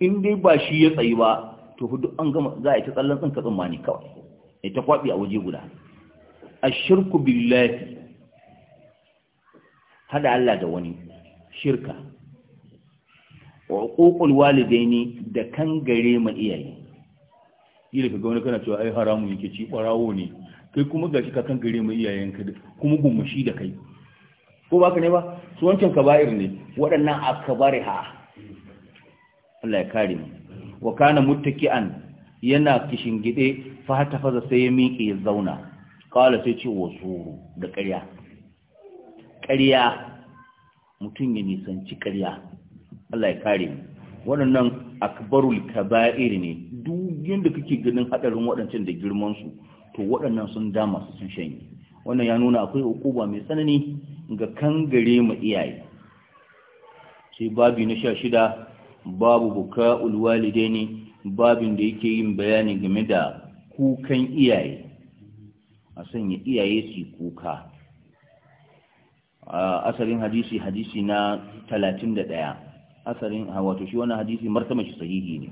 in dai ba shi ya tsayi ba to duk an gama za a yi ta tsallan tsinka tsumma ne kawai ya ta kwaɓi a waje guda a shirku billahi hada Allah da wani shirka wa uququl walidaini da kan gare ma iyaye yi da ga wani kana cewa ai haramun yake ci barawo ne kai kuma gashi ka kan gare ma iyayenka kuma gumushi da kai ko baka ne ba su wancan kaba'ir ne waɗannan ha Allah ya kare mu wa kana muttaki'an yana kishingide fa ta faza sai ya miƙe ya zauna qala sai ce wasuru da ƙarya ƙarya mutum ya nisanci ƙarya Allah ya kare mu waɗannan akbarul kaba'ir ne duk yanda kake ganin hadarin waɗancan da girman su to waɗannan sun dama su sun shanye wannan ya nuna akwai ukuba mai tsanani ga kangare mu iyaye sai babu na sha shida babu buka'ul walidaini babin da yake yin bayani game da kukan iyaye a sanya iyaye su kuka asalin hadisi hadisi na 31 asalin wato shi wannan hadisi martaba shi sahihi ne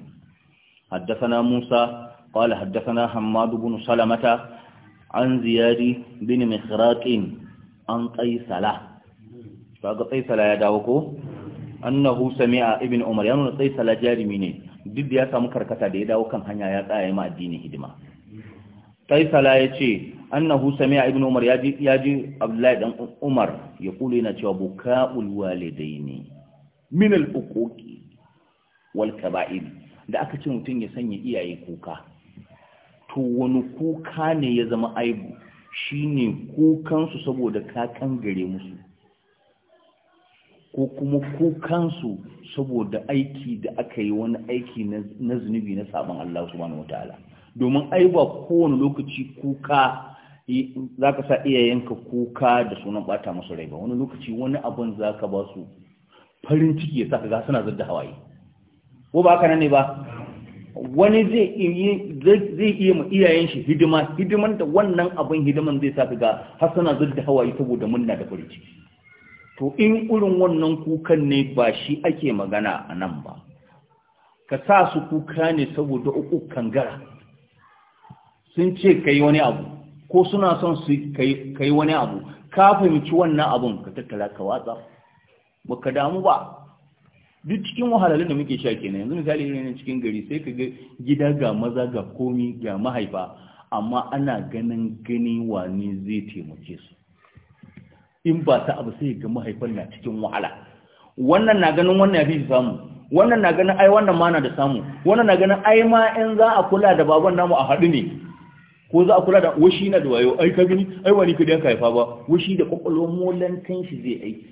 haddathana Musa qala haddathana Hammad ibn Salamata an Ziyadi bin Mikhraq an Qaisala kaga Qaisala ya dawo ko annahu sami'a ibn Umar yana Qaisala jarimi ne duk ya samu karkata da ya dawo kan hanya ya tsaya ma addini hidima Qaisala yace annahu sami'a ibnu umar yaji yaji abdullahi dan umar ya yaqulu yana cewa buka'ul walidaini min al-uquqi wal kaba'ir da aka ce mutum ya sanya iyaye kuka to wani kuka ne ya zama aibu shine kukan su saboda kakan gare musu ko kuma kukansu saboda aiki da aka yi wani aiki na zunubi na sabon Allah subhanahu wataala domin ai kowane lokaci kuka za ka sa iyayenka kuka da sunan bata masu rai ba wani lokaci wani abin za ka ba su farin ciki ya sa ka ga suna da hawaye ko ba haka nan ne ba wani zai iya ma iyayen shi hidima hidiman da wannan abin hidiman zai sa ga har suna zudda hawaye saboda munna da farin ciki to in irin wannan kukan ne ba shi ake magana a nan ba ka sa su kuka ne saboda uku kangara sun ce ka yi wani abu ko suna son su kai wani abu ka fahimci wannan abun ka tattara ka watsa ba ka damu ba duk cikin wahalalun da muke sha kenan yanzu misali irin cikin gari sai ka ga gida ga maza ga komi ga mahaifa amma ana ganin gani wani zai taimake su in ba ta abu sai ga mahaifan na cikin wahala wannan na ganin wannan ya fi samu wannan na ganin ai wannan ma na da samu wannan na ganin ai ma in za a kula da baban namu a haɗu ne ko za a kula da washi na da wayo ai ka gani ai wani ka danka haifa ba washi da molan kan shi zai aiki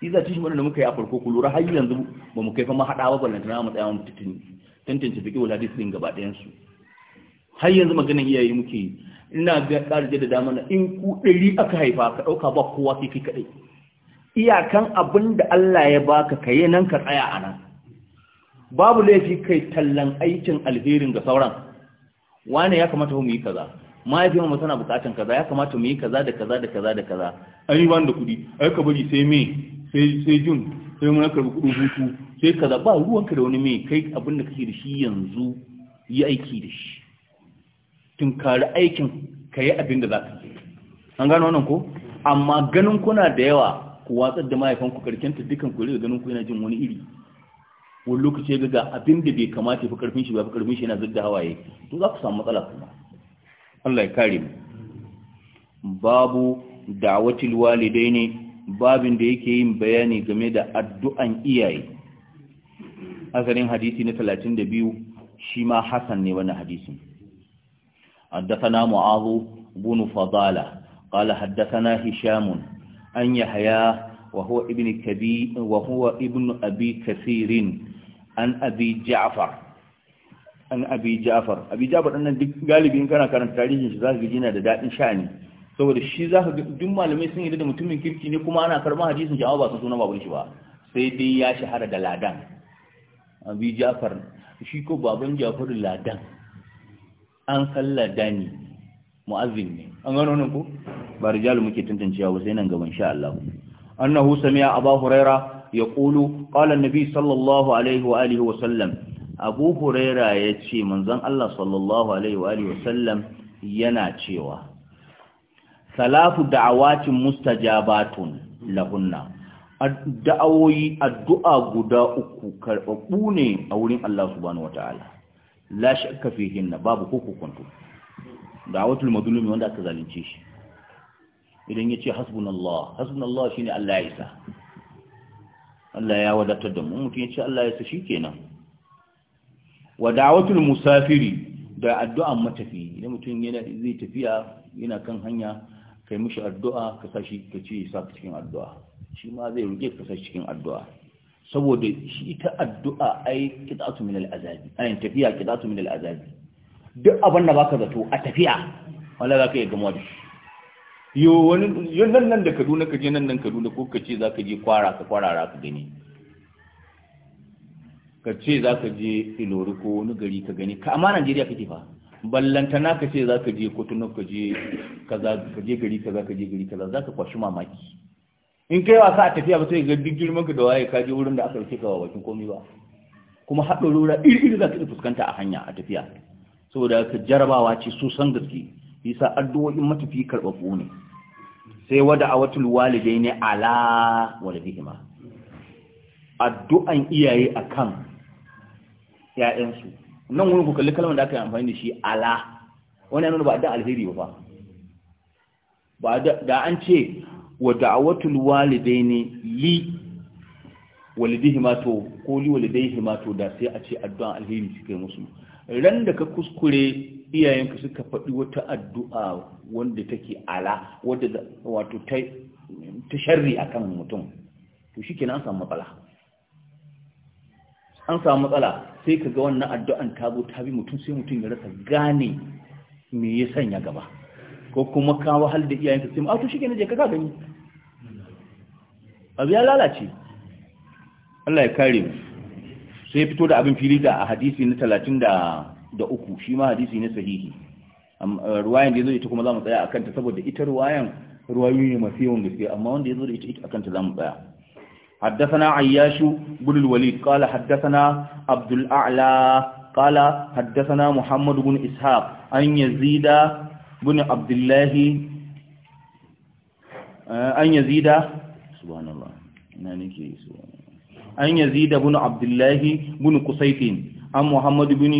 shi za ta shi muka yi a farko ku lura har yanzu ba mu kai fa mahaɗa ba ballantana mu tsaya mu tantance fiƙi wala din gaba ɗayan su har yanzu maganin iyaye muke yi ina ga ƙarje da dama na in ku ɗari aka haifa ka ɗauka ba kowa sai kai kaɗai iyakan abin da Allah ya baka ka yi nan ka tsaya a nan babu laifi kai tallan aikin alherin ga sauran wane ya kamata mu yi kaza mahaifiyar mu tana bukatan kaza ya kamata mu yi kaza da kaza da kaza da kaza an yi bani da kuɗi ai ka bari sai me sai jun sai mun karbi kuɗin hutu sai kaza ba ruwanka da wani me kai abin da kake da shi yanzu yi aiki da shi tunkari aikin ka yi abin da za ka yi an gano wannan ko amma ganin kuna da yawa ku watsar da mahaifanku karkenta dukan ku da ganin ku yana jin wani iri wani lokaci ya ga abin da bai kamata fi karfin shi ba fi karfin shi yana zidda hawaye to za ku samu matsala kuma Allah ya kare mu babu da'watil walidai ne babin da yake yin bayani game da addu'an iyaye asalin hadisi na 32 shi ma hasan ne wannan hadisin حدثنا معاذ بن فضالة قال حدثنا هشام أن يحيى وهو ابن كبير وهو ابن أبي كثير an abi ja'far an abi ja'far abi ja'far dan nan duk in kana karanta tarihin shi zaka ji yana da dadin sha'ani saboda shi zaka ga duk malamai sun yarda da mutumin kirki ne kuma ana karban hadisin jama'a ba su sunan babu shi ba sai dai ya shahara da ladan abi ja'far shi ko baban ja'far ladan an san dani mu'azzin ne an gano nan ko ba rijalu muke tantancewa ba sai nan gaban insha Allah annahu sami'a abu huraira yaqulu qala an-nabi sallallahu alaihi wa alihi wa sallam Abu Huraira yace manzon Allah sallallahu alaihi wa alihi wa sallam yana cewa salatu da'awatin mustajabatun lahunna da'awoyi addu'a guda uku karbabu ne a wurin Allah subhanahu wataala la shakka fihinna babu ko kokonto da'awatul madlumi wanda aka zalunce shi idan yace hasbunallah hasbunallah shine Allah ya isa Allah ya wadatar da mu mutum ya ce Allah ya sa shi kenan wa musafiri da addu'an matafi idan mutum yana zai tafiya yana kan hanya kai mishi addu'a ka sa shi ka ce sa cikin addu'a shi ma zai ruke ka sa cikin addu'a saboda shi ta addu'a ai kidatu min al ai tafiya kidatu min al-azabi duk abin da baka zato a tafiya wallahi zaka iya gamuwa da shi yo wani yo nan nan da Kaduna ka je nan nan Kaduna ko ka ce za ka je kwara ka kwarara ka gani ka ce za ka je Ilori ko wani gari ka gani ka amma Najeriya kake fa ballantana ka ce za ka je Kotuno ka je kaza ka je gari kaza ka je gari kaza za ka kwashi mamaki in kai wasa a tafiya ba sai ga duk girman ka da waye ka je wurin da aka rike ka ba bakin komai ba kuma haɗa rura iri-iri za ka fuskanta a hanya a tafiya saboda ka jarabawa ce su san gaske yasa addu'o'in matafi karɓaɓɓu ne sai wada a watul walidai ne ala walidihima addu'an iyaye akan ƴaƴansu. nan wani ku kalli kalmar da aka yi amfani da shi ala wani yana ba da alheri ba ba da an ce wa walidai ne li walidihima to ko li walidayhima to da sai a ce addu'an alheri suke musu ran da ka kuskure iyayenka suka faɗi wata addu'a wanda take ala wadda wato ta sharri akan mutum to shi kenan an samu matsala an samu matsala sai ka ga wannan addu'an ta zo ta bi mutum sai mutum ya rasa gane me ya sanya gaba ko kuma ka wahal da iyayenka sai ma ah, to shi kenan je ka gani abu ya lalace Allah ya kare mu sai fito da abin fili da a hadisi na talatin da da uku shi ma hadisi ne sahihi eh, ruwayan da ya zo ita kuma za mu tsaya a kanta saboda ita ruwayan ruwayoyi ne masu yawan gaske amma wanda ya zo da ita a kanta za mu tsaya حدثنا عياش بن الوليد قال حدثنا عبد الأعلى قال حدثنا محمد بن إسحاق أن يزيد بن عبد الله أن يزيد سبحان الله أن يزيد بن عبد الله بن an muhammadu bin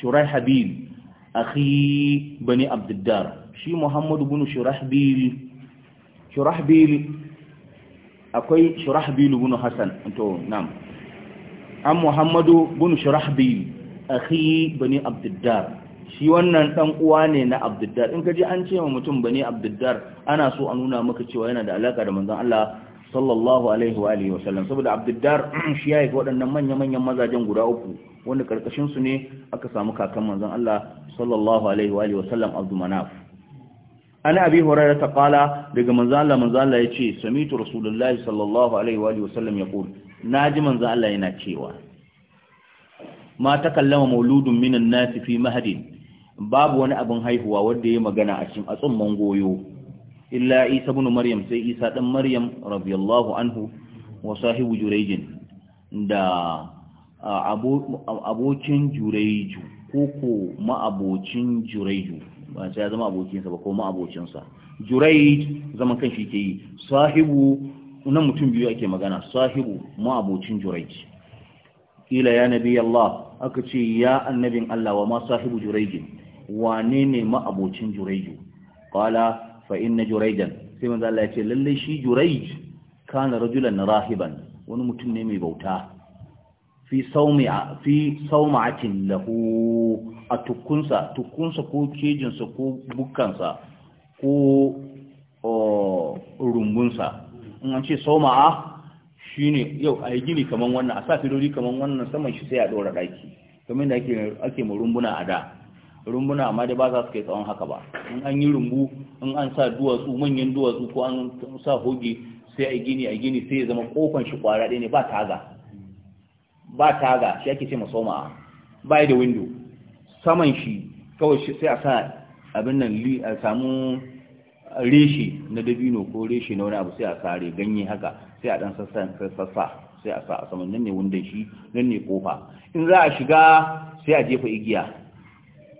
shuraihabil akhi bani abdiddar shi muhammadu bin shuraihabil shuraihabil akwai shuraihabil bin hassan to nam an muhammadu bin shuraihabil akhi bani abdiddar shi wannan dan uwa ne na abdiddar in kaji an ce wa mutum bani abdiddar ana so a nuna maka cewa yana da alaka da manzon Allah sallallahu alaihi wa alihi wasallam saboda abdiddar shi ya yi waɗannan manya-manyan mazajen guda uku wanda karkashin ne aka samu kakan manzon Allah sallallahu alaihi wa alihi wasallam abdu manaf ana abi hurairah ta qala daga manzon Allah manzon Allah yace samitu rasulullahi sallallahu alaihi wa alihi wasallam yaqul naji manzon Allah yana cewa ma ta takallama mauludun minan nasi fi mahadin babu wani abin haihuwa wanda ya magana a cikin atsun mangoyo illa isa ibn maryam sai isa dan maryam radiyallahu anhu wa sahibu jurayjin da abokin jurayju ko ko ma'abocin jurayju ba sai ya zama abokinsa ba ko ma'abocinsa jurayj zaman kan shi ke yi sahibu na mutum biyu ake magana sahibu ma'abocin jurayj kila ya nabi Allah aka ce ya annabin Allah wa ma sahibu jurayj wane ne ma'abocin jurayj qala fa inna juraidan sai manzo Allah ya ce lalle shi juraij kana rajulan rahiban wani mutum ne mai bauta fi saumi fi saumatin lahu a tukunsa ko kejinsa ko bukkansa ko rumbunsa in an ce sauma'a shine yau a yi gini kaman wannan a sa filoli kaman wannan saman shi sai a ɗora ɗaki kamar da ake ake rumbuna a da rumbuna amma dai ba za su kai tsawon haka ba in an yi rumbu in an sa duwatsu manyan duwatsu ko an sa hoge sai a gini a gini sai ya zama kofan shi kwara ɗaya ne ba taga ba taga shi ake ce masoma ba da window saman shi kawai sai a sa abin nan a samu reshe na dabino ko reshe na wani abu sai a sare ganye haka sai a dan sassa sai a sa a saman nan ne windon shi nan ne kofa in za a shiga sai a jefa igiya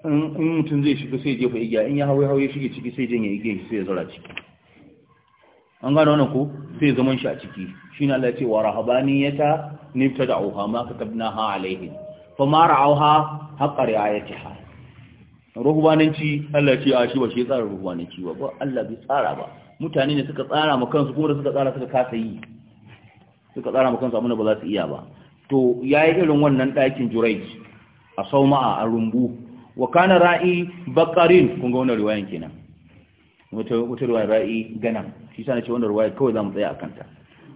in mutum zai shiga sai jefa igiya in ya hawaye hawaye shige ciki sai janye igiya sai ya zara ciki an gano wannan ko sai zaman shi a ciki shine Allah ya ce wa rahabaniyata nifta da auha ma katabnaha alaihim fa ma ra'awha haqqa ri'ayatiha ruhbananci Allah ya ce a shi ba shi tsara ruhbananci ba ba Allah bai tsara ba mutane ne suka tsara ma kansu kuma da suka tsara suka kasa yi suka tsara ma kansu abinda ba za su iya ba to yayi irin wannan ɗakin jurai a sauma'a a rumbu wa kana ra'i Bakarin, kun ga wannan riwayan kenan wata wato riwaya ra'i Gana, shi sa nace wannan ruwaya, kawai zamu tsaya akan ta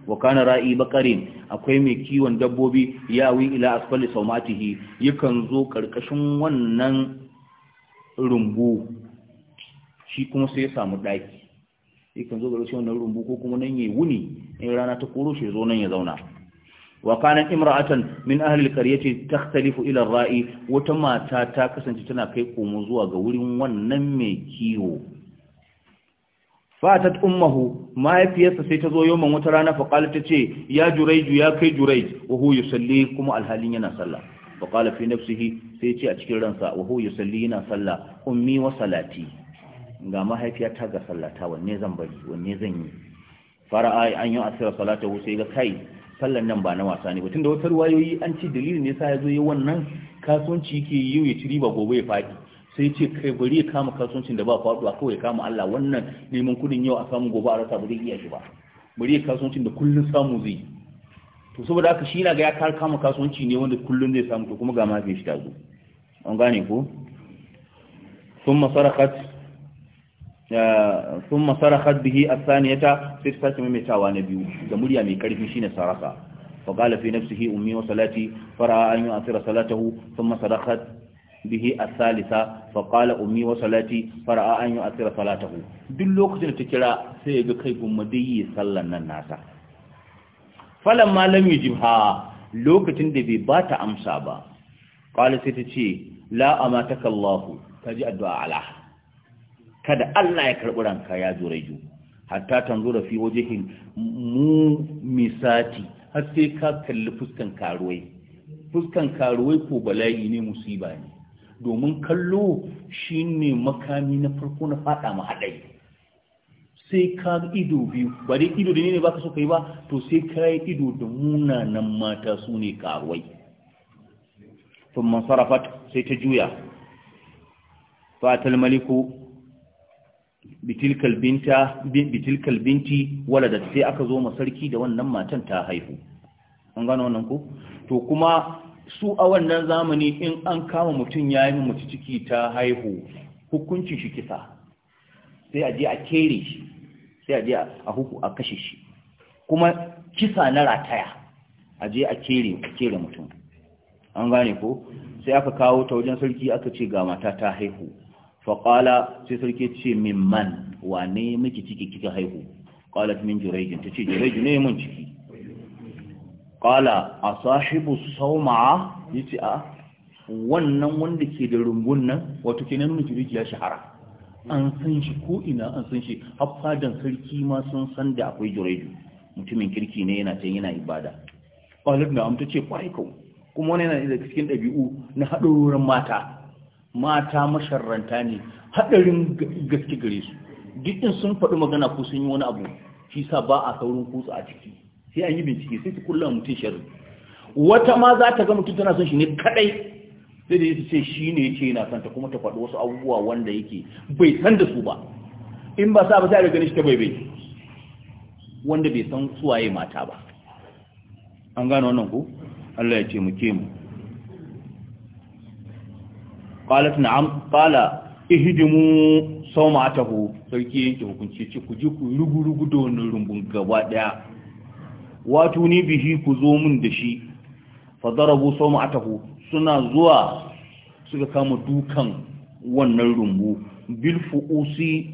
wa kana ra'i Bakarin akwai mai kiwon dabbobi yawi ila asfali saumatihi yakan zo karkashin wannan rumbu shi kuma sai ya samu daki yakan zo karkashin wannan rumbu ko kuma nan yayi wuni in rana ta koro shi zo nan ya zauna وكانت امرأة من أهل ra'i. تختلف mata ta وتما tana كسنتي تنا zuwa ga wurin wannan mai kiwo fatat ummuhu mahaifiyarsa sai ta zo yoman wata rana fa qalat tace ya jurayj ya kai jurayj wa hu yusalli kuma alhalin yana sallah fa qala fi nafsihi sai ce a cikin ransa wa hu yusalli yana sallah ummi wa salati ga ta ga sallata wanne zan bari wanne zan yi fara'a an yi asira Salatu sai ga kai sallan nan ba na wasa ne ba tunda wata ruwayoyi an ci dalilin ne sa ya zo yi wannan kasuwanci yake yi ya ci riba gobe ya faɗi sai ce kai bari ya kama kasuwancin da ba faɗo a kawai ya kama Allah wannan neman kudin yau a samu gobe a rasa ba zai iya shi ba bari ya kasuwancin da kullun samu zai to saboda haka shi na ga ya kama kasuwanci ne wanda kullun zai samu to kuma ga mafi shi ta zo an gane ko sun masarakat sun masarafar bihi a saniyata sai ta sake maimaitawa na biyu da murya mai karfi shi shine sarasa faƙala fi nafsihi ummi wa salati fara an yi asira salatahu sun masarafar bihi a salisa faƙala ummi wa salati fara an yi asira salatahu duk lokacin da ta kira sai ya ga kai kuma dai yi sallan nan nasa falan malam yi ha lokacin da bai ba ta amsa ba ƙwale sai ta ce la'amatakallahu ta ji addu'a ala. kada Allah ya karɓi ranka ya zuraiju hatta da fi wajhin mu misati har sai ka kalli fuskan karuwai fuskan karuwai ko bala'i ne musiba ne domin kallo shine makami na farko na fada mu hadai sai ka ido biyu ba ido da ne baka so kai ba to sai ka yi ido da munanan mata su ne karuwai thumma sarafat sai ta juya fatal bitilkal binta bitilkal binti waladat sai aka zo ma sarki da wannan matan ta haihu an gano wannan ko to kuma su a wannan zamani in an kama mutum yayi mutu ciki ta haihu hukuncin shi kisa sai a je a kere shi sai a je a huku a kashe shi kuma kisa na rataya a je a kere kere mutum an gane ko sai aka kawo ta wajen sarki aka ce ga mata ta haihu faƙala sai sarki ce min man ne miki ciki kika haihu ƙalat min jirajin ta ce jirajin ne mun ciki ƙala a sahibu sauma ya ce a wannan wanda ke da rungun nan wato ke nan mijiriki ya shahara an san shi ko ina an san shi haffadan sarki ma sun san da akwai jureju mutumin kirki ne yana can yana ibada ƙalar na amta ce kwarai kuma wani yana da cikin ɗabi'u na haɗaruran mata mata masharranta ne haɗarin gaske gare su duk in sun faɗi magana ko sun yi wani abu shi sa ba a saurin kutsu a ciki sai an yi bincike sai su kullum mutum sharri wata ma za ta ga mutum tana son shi ne kadai sai da yake ce shi ne ya ce yana son ta kuma ta faɗi wasu abubuwa wanda yake bai san da su ba in ba sa ba sai a gani shi ta bai wanda bai san suwaye mata ba an gane wannan ko Allah ya ce mu ke mu qalat na'am qala ihdimu sawmatahu sarki yake hukunci ce ku ji ku rugurugu da wannan rumbun gaba daya wato ni bihi ku zo mun da shi fa darabu sawmatahu suna zuwa suka kama dukan wannan rumbu bil fuusi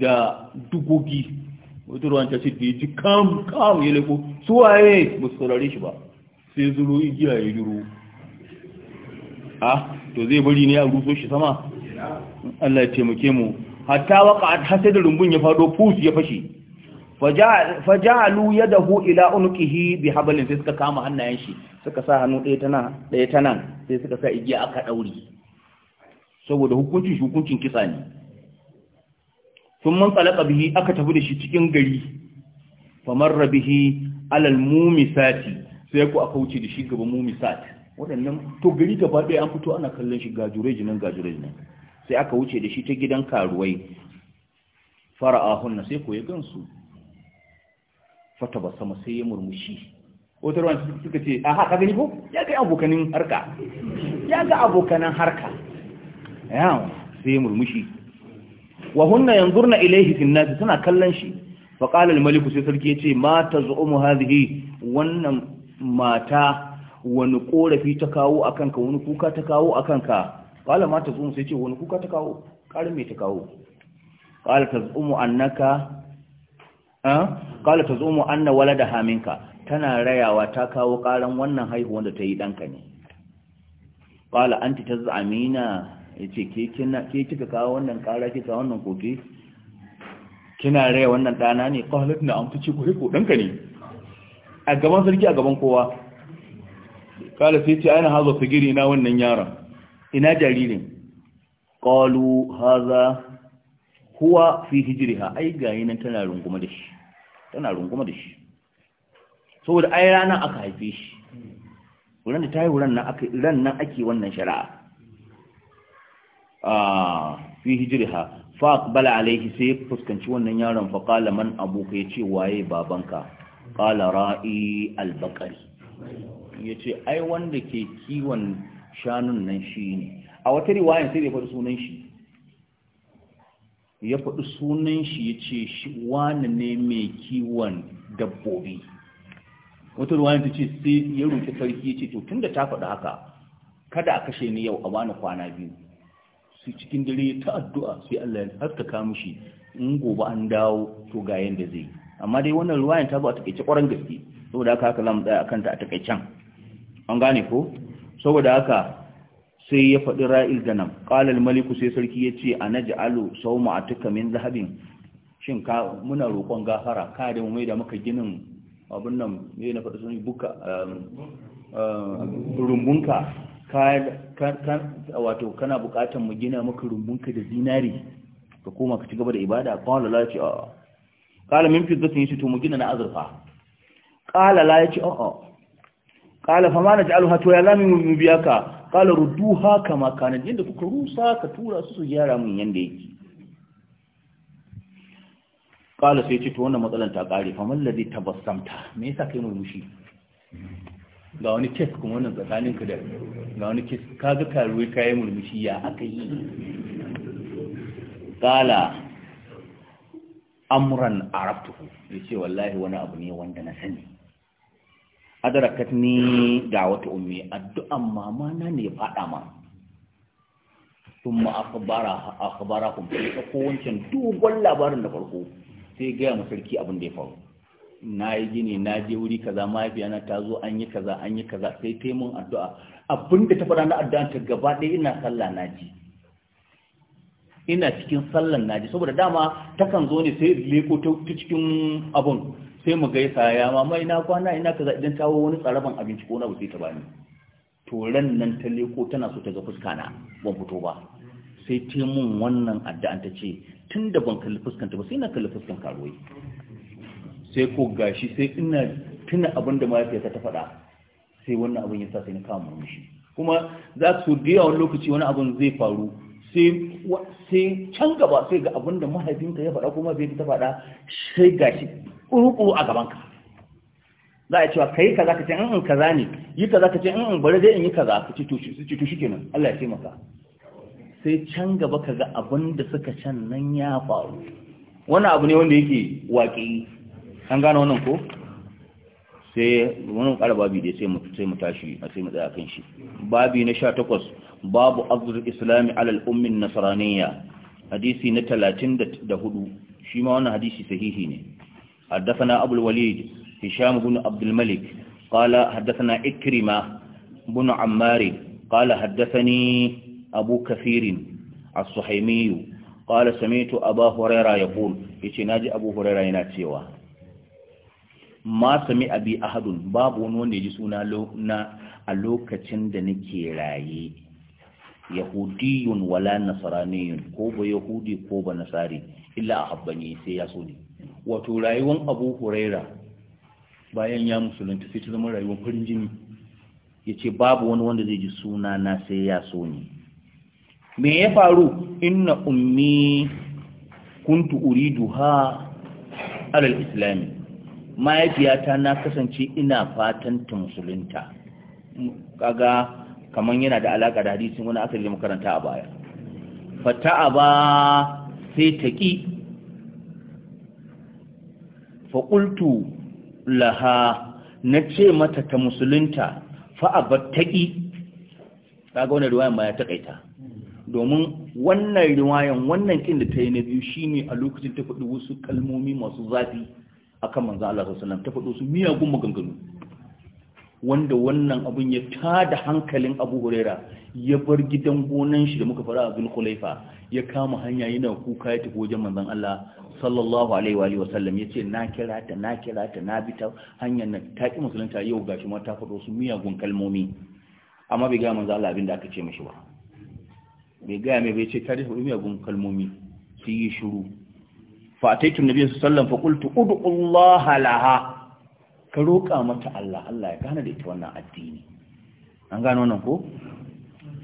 da dugogi wata ruwan ta ce da ya ji kam kam ya leko ba su saurare shi ba sai zuro igiya ya yi a ah? to zai bari ne a ruso shi sama Allah ya taimake mu hatta waka, hasai da rumbun ya fado fus ya fashi faja'alu yadahu ila unqihi bi hablin sai suka kama hannayen shi suka sa hannu ɗaya tana ɗaya tana sai suka sa igiya aka daure saboda hukuncin hukuncin kisa ne sun man tsalaka bihi aka tafi da shi cikin gari famar rabihi alal mumisati sai ku aka wuce da shi gaba mumisati waɗannan to gari gaba ɗaya an fito ana kallon shi gajure jinin gajure jinin sai aka wuce da shi ta gidan karuwai hunna sai koya gan gansu fata ba sama sai ya murmushi wata ruwan suka ce a haka gani ko ya ga abokanin harka ya ga abokanin harka ya sai ya murmushi wa hunna na ilaihi fin nasi suna kallon shi fa qala al maliku sai sarki yace ma tazumu hadhihi wannan mata wani korafi ta kawo a kanka wani kuka ta kawo a kanka ƙwala ma ta zuwa sai ce wani kuka ta kawo ƙarin mai ta kawo ƙwala ta zuwa annaka ƙala wala da haminka tana rayawa ta kawo ƙaran wannan haihuwan da ta yi ɗanka ne ƙwala an ta zamina ya ce ke kika kawo wannan ƙara kika wannan kofi kina raya wannan ɗana ne ƙalat na an fice ko ɗanka ne a gaban sarki a gaban kowa kala sai ce aina hazo sigiri na wannan yara ina jaririn qalu haza huwa fi hijriha ai gayi nan tana runguma da shi tana runguma da shi saboda ai rana aka haife shi wurin da tayi wurin nan aka ran nan ake wannan shari'a a ah, fi hijriha fa aqbala alaihi sai fuskanci wannan yaron fa qala man abuka yace waye babanka qala ra'i albakari. ya ce ai wanda ke kiwon shanun nan shi ne a wata riwayan sai ya faɗi sunan shi ya faɗi sunan shi ya ce shi wani ne mai kiwon dabbobi wata ruwayan ta ce sai ya roƙi sarki ya ce to tun da ta faɗi haka kada a kashe ni yau a bani kwana biyu su cikin dare ta addu'a sai Allah ya haskaka mushi in gobe an dawo to ga yanda zai amma dai wannan ruwayan ta zo a takaice kwaran gaske saboda haka haka za mu tsaya a kanta a takaicen an gane ko saboda haka sai ya faɗi ra'il da nan ƙalal maliku sai sarki ya ce a na alu sau ma'atuka min zahabin shin ka muna roƙon gafara ka da mu mai da muka ginin abin nan ne na faɗi sun buka um, um, rumbunka wato kana buƙatar mu gina muka rumbunka da zinari ka koma ka ci gaba da ibada ƙwallo la ce a'a ƙala min fizzatin shi to mu gina na azurfa ƙala la ya ce a'a qala fa ma naj'aluha to ya zamu mu biya ka qala rudduha kama kanat yanda kuka rusa ka tura su su gyara mun yanda yake qala sai ce to wannan matsalan ta kare fa man ladhi tabassamta me yasa kai murmushi ga wani kes kuma wannan tsakanin ka da ga wani kes kaga karuwe kai murmushi ya aka yi qala amran araftuhu yace wallahi wani abu ne wanda na sani adarakat ni ga wata ummi addu'an mama na ne faɗa ma thumma akhbara akhbarahum sai ka ko wancan dogon labarin da farko sai gaya ma sarki abin da ya faru na yi gini na je wuri kaza mafiya na ta zo an yi kaza an yi kaza sai ta mun addu'a abin da ta faɗa na addu'a ta gaba ɗaya ina sallah na ji ina cikin sallan na ji saboda dama takan zo ne sai leko ta cikin abun sai mu gaisa ya mama ina kwana ina kaza idan ta wani tsaraban abinci ko na ba sai ta bani to ran nan ta leko tana so ta ga fuska na ban fito ba sai ta mun wannan addu'an ta ce tunda ban kalli fuskanta ba sai na kalli fuskan karuwai sai ko gashi sai ina tuna abin da mahaifiyarta ta faɗa sai wannan abin ya sa sai na kama murmushi kuma za su da yawan lokaci wani abin zai faru sai can gaba sai ga abin da mahaifinka ya faɗa kuma bai ta faɗa sai gashi ƙuruƙuru a gabanka za a cewa ka yi za ka ce in kaza ne yi za ka ce in bari zai in yi za ka ci to shi nan, Allah ya ce maka sai can gaba ka ga abin da suka can nan ya faru wannan abu ne wanda yake waƙi an gano wannan ko sai wani ƙara babi da sai mu tashi a sai mu tsaya kan shi babi na sha takwas babu abdul islami alal ummin nasaraniya hadisi na talatin da hudu shi ma wannan hadisi sahihi ne حدثنا أبو الوليد هشام بن عبد الملك قال حدثنا إكرمة بن عمار قال حدثني أبو كثير الصحيمي قال سمعت أبا هريرة يقول يتناجي أبو هريرة يناتيوا ما سمع أبي أحد باب ونون يجسونا لنا ألوكة دنكي رايي يهودي ولا نصراني كوب يهودي كوب نصاري إلا أحبني سياسوني wato rayuwar abu huraira bayan ya musulunta sai ta zama rayuwar farin jini ya ce babu wani wanda zai ji suna na sai ya so ni me ya faru inna ummi kuntu uridu ha alal islami mahaifiyata na kasance ina fatan ta musulunta kaga kamar yana da alaka da hadisin wani asali da makaranta a baya fata a ba sai ta ki faƙultu laha na ce mata ta musulunta fa'abar ta ga wannan riwayan ma ya taƙaita domin wannan riwayan wannan ƙin da ta yi na biyu shi ne a lokacin ta faɗi wasu kalmomi masu zafi Akan kan manzo Allah sassalam ta faɗi wasu miyagun maganganu wanda wannan abun ya tada hankalin abu huraira ya bar gidan gonan shi da muka fara a zulkulaifa ya kama hanya yana kuka ya tafi wajen manzon Allah sallallahu alaihi wa sallam ya ce na kira ta na kira ta na bi ta hanyar nan ta ki musulunta yau gashi ma ta faɗo su miyagun kalmomi amma bai ga manzon Allah abin da aka ce mishi ba bai ga mai bai ce ta da miyagun kalmomi sai yi shiru fa ataitu nabiyyi sallallahu alaihi wa sallam fa qultu ud'u Allah laha ka roƙa mata Allah Allah ya gane da ita wannan addini an gano nan ko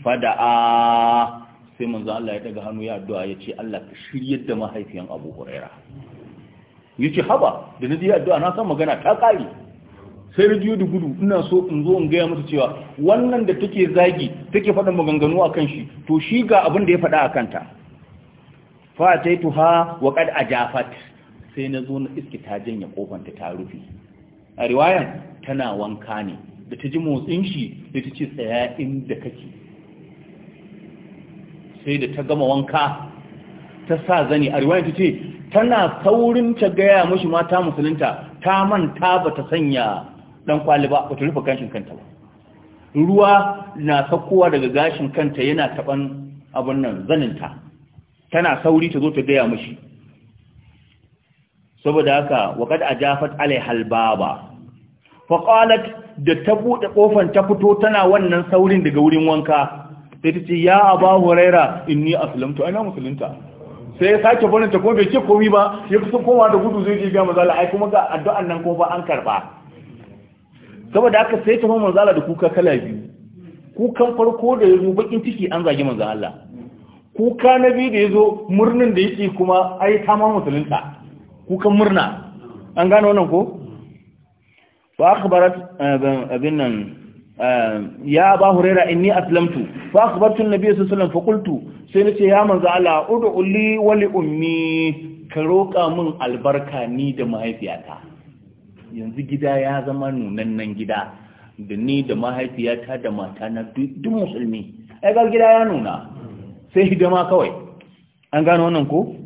fada'a sai manzo Allah ya daga hannu ya addu'a ya ce Allah ka shiryar da mahaifiyan Abu Huraira yace haba da ya addu'a na san magana ta kare sai rijiyo da gudu ina so in zo in gaya mata cewa wannan da take zagi take faɗin maganganu akan shi to shi ga abin da ya faɗa akan ta fa taituha wa qad ajafat sai na zo na iske ta janye kofanta ta rufe a riwayan tana wanka ne da ta ji motsin shi da ta ce tsaya inda kake sai da ta gama wanka ta sa zani a riwayan ta ce tana saurin ta gaya mashi mata musulunta ta manta ba ta sanya dan kwali ba ba ta rufe gashin kanta ba ruwa na saukowa daga gashin kanta yana taban abun nan zaninta tana sauri ta zo ta gaya mashi saboda haka waqad ajafat alaiha Halbaba, fa qalat da ta buɗe kofan ta fito tana wannan saurin daga wurin wanka sai ta ce ya aba huraira inni aslamtu ana musulunta sai ya sake barin ta kuma bai ce komai ba ya kusa kowa da gudu zai je ga mazala ai kuma ga addu'an nan ko ba an karba saboda haka sai ta mamman mazala da kuka kala biyu kukan farko da ya zo bakin ciki an zagi manzan Allah kuka na biyu da ya zo murnin da yake kuma ai ta ma musulunta kukan murna an gano wannan ko fa akhbarat eh, abin nan eh, ya ba hurera inni aslamtu fa akhbartu annabi sallallahu alaihi wasallam fa qultu sai nace ya manzo Allah ud'u li wa li ummi ka roka min albarka ni da mahaifiyata yanzu gida ya zama nunannen gida da ni da mahaifiyata da mata na duk musulmi ai ga gida ya nuna sai hidima kawai an gano wannan ko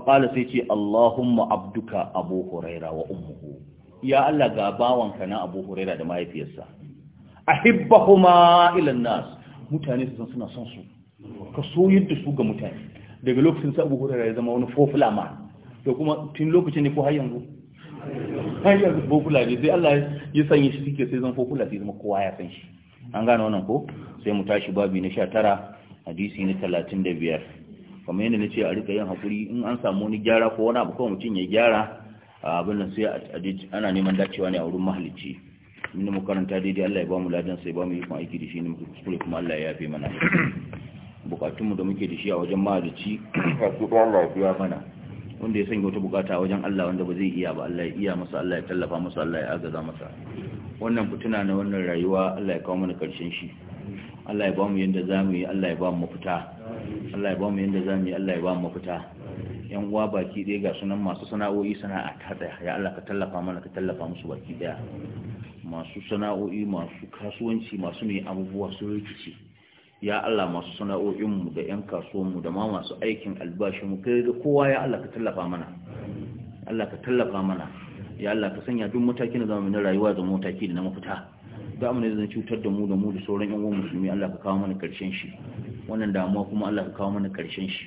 faƙala sai ce Allahumma abduka abu huraira wa ummuhu ya Allah ga bawanka na abu huraira da mahaifiyarsa ahibbahuma ilan nas mutane su suna son su ka so yadda su ga mutane daga lokacin sa abu huraira ya zama wani fofula ma da kuma tun lokacin ne ko har yanzu har yanzu fofula ne sai Allah ya sanya shi suke sai zan fofula sai zama kowa ya san shi an gane wannan ko sai mu tashi babi na 19 hadisi na 35 kamar yadda na ce a rika yin haƙuri in an samu wani gyara ko wani abu kawai mutum ya gyara abin nan sai ana neman dacewa ne a wurin mahalicci inda mu karanta daidai Allah ya ba mu ladan sai ba mu yi kuma aiki da shi ne mu kuskure kuma Allah ya yafe mana bukatunmu da muke da shi a wajen mahalicci kasu da Allah ya biya mana wanda ya sanya wata bukata wajen Allah wanda ba zai iya ba Allah ya iya masa Allah ya tallafa masa Allah ya agaza masa wannan fituna na wannan rayuwa Allah ya kawo mana karshen shi Allah ya ba mu yanda zamu yi Allah ya ba mu mafita Allah ya ba mu yanda zamu yi Allah ya ba mu mafita yan uwa baki ɗaya ga sunan masu sana'o'i sana'a ta tsaya ya Allah ka tallafa mana ka tallafa musu baki ɗaya masu sana'o'i masu kasuwanci masu mai abubuwa sun rikici ya Allah masu sana'o'inmu da 'yan kasuwanmu da ma masu aikin albashinmu kai kowa ya Allah ka tallafa mana Allah ka tallafa mana ya Allah ka sanya duk matakin da zamu na rayuwa da mataki da na mafita da ne zan cutar da mu da mu da sauran yan uwan musulmi Allah ka kawo mana karshen shi wannan damuwa kuma Allah ka kawo mana karshen shi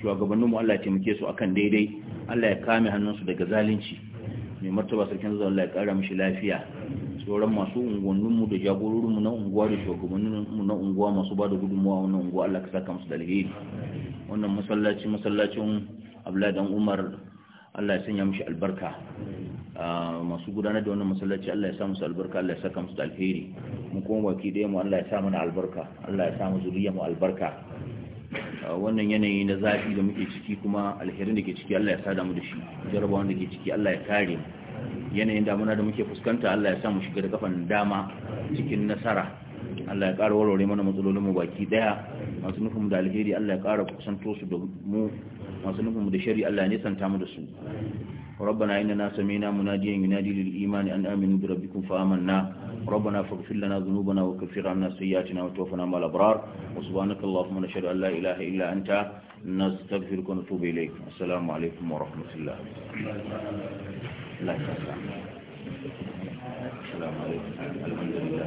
shugabannin mu Allah ya taimake su akan daidai Allah ya kame hannunsu daga zalunci mai martaba sarkin zuwa Allah ya kara mishi lafiya sauran masu unguwannin mu da jagororin mu na unguwa da shugabannin mu na unguwa masu ba da gudunmuwa wannan unguwa Allah ka saka musu da alheri wannan masallaci masallacin Abdullahi dan Umar Allah ya sanya mushi albarka ah, masu gudanar da wannan masallaci Allah ya sa musu albarka Allah ya saka musu alheri mu kuma waki da mu Allah ya sa mana albarka Allah ya sa mu zuriya mu albarka ah, wannan yanayi na zafi da muke ciki kuma alherin da ke ciki Allah ya sada mu da shi jarabawa da ke ciki Allah ya kare yanayin yanayin damuna da muke fuskanta Allah ya sa mu shiga da kafan dama cikin nasara Allah ya ƙara warware mana matsalolin mu baki daya masu nufin da alheri Allah ya ƙara kusanto su da mu masu nufin da shari Allah ya nisanta mu da su ربنا إننا سمينا مناديا ينادي للإيمان أن آمنوا بربكم فآمنا ربنا فاغفر لنا ذنوبنا وكفر عنا سيئاتنا وتوفنا مع الأبرار وسبحانك اللهم نشهد أن لا إله إلا أنت نستغفرك ونتوب إليك السلام عليكم ورحمة الله لا السلام عليكم الحمد لله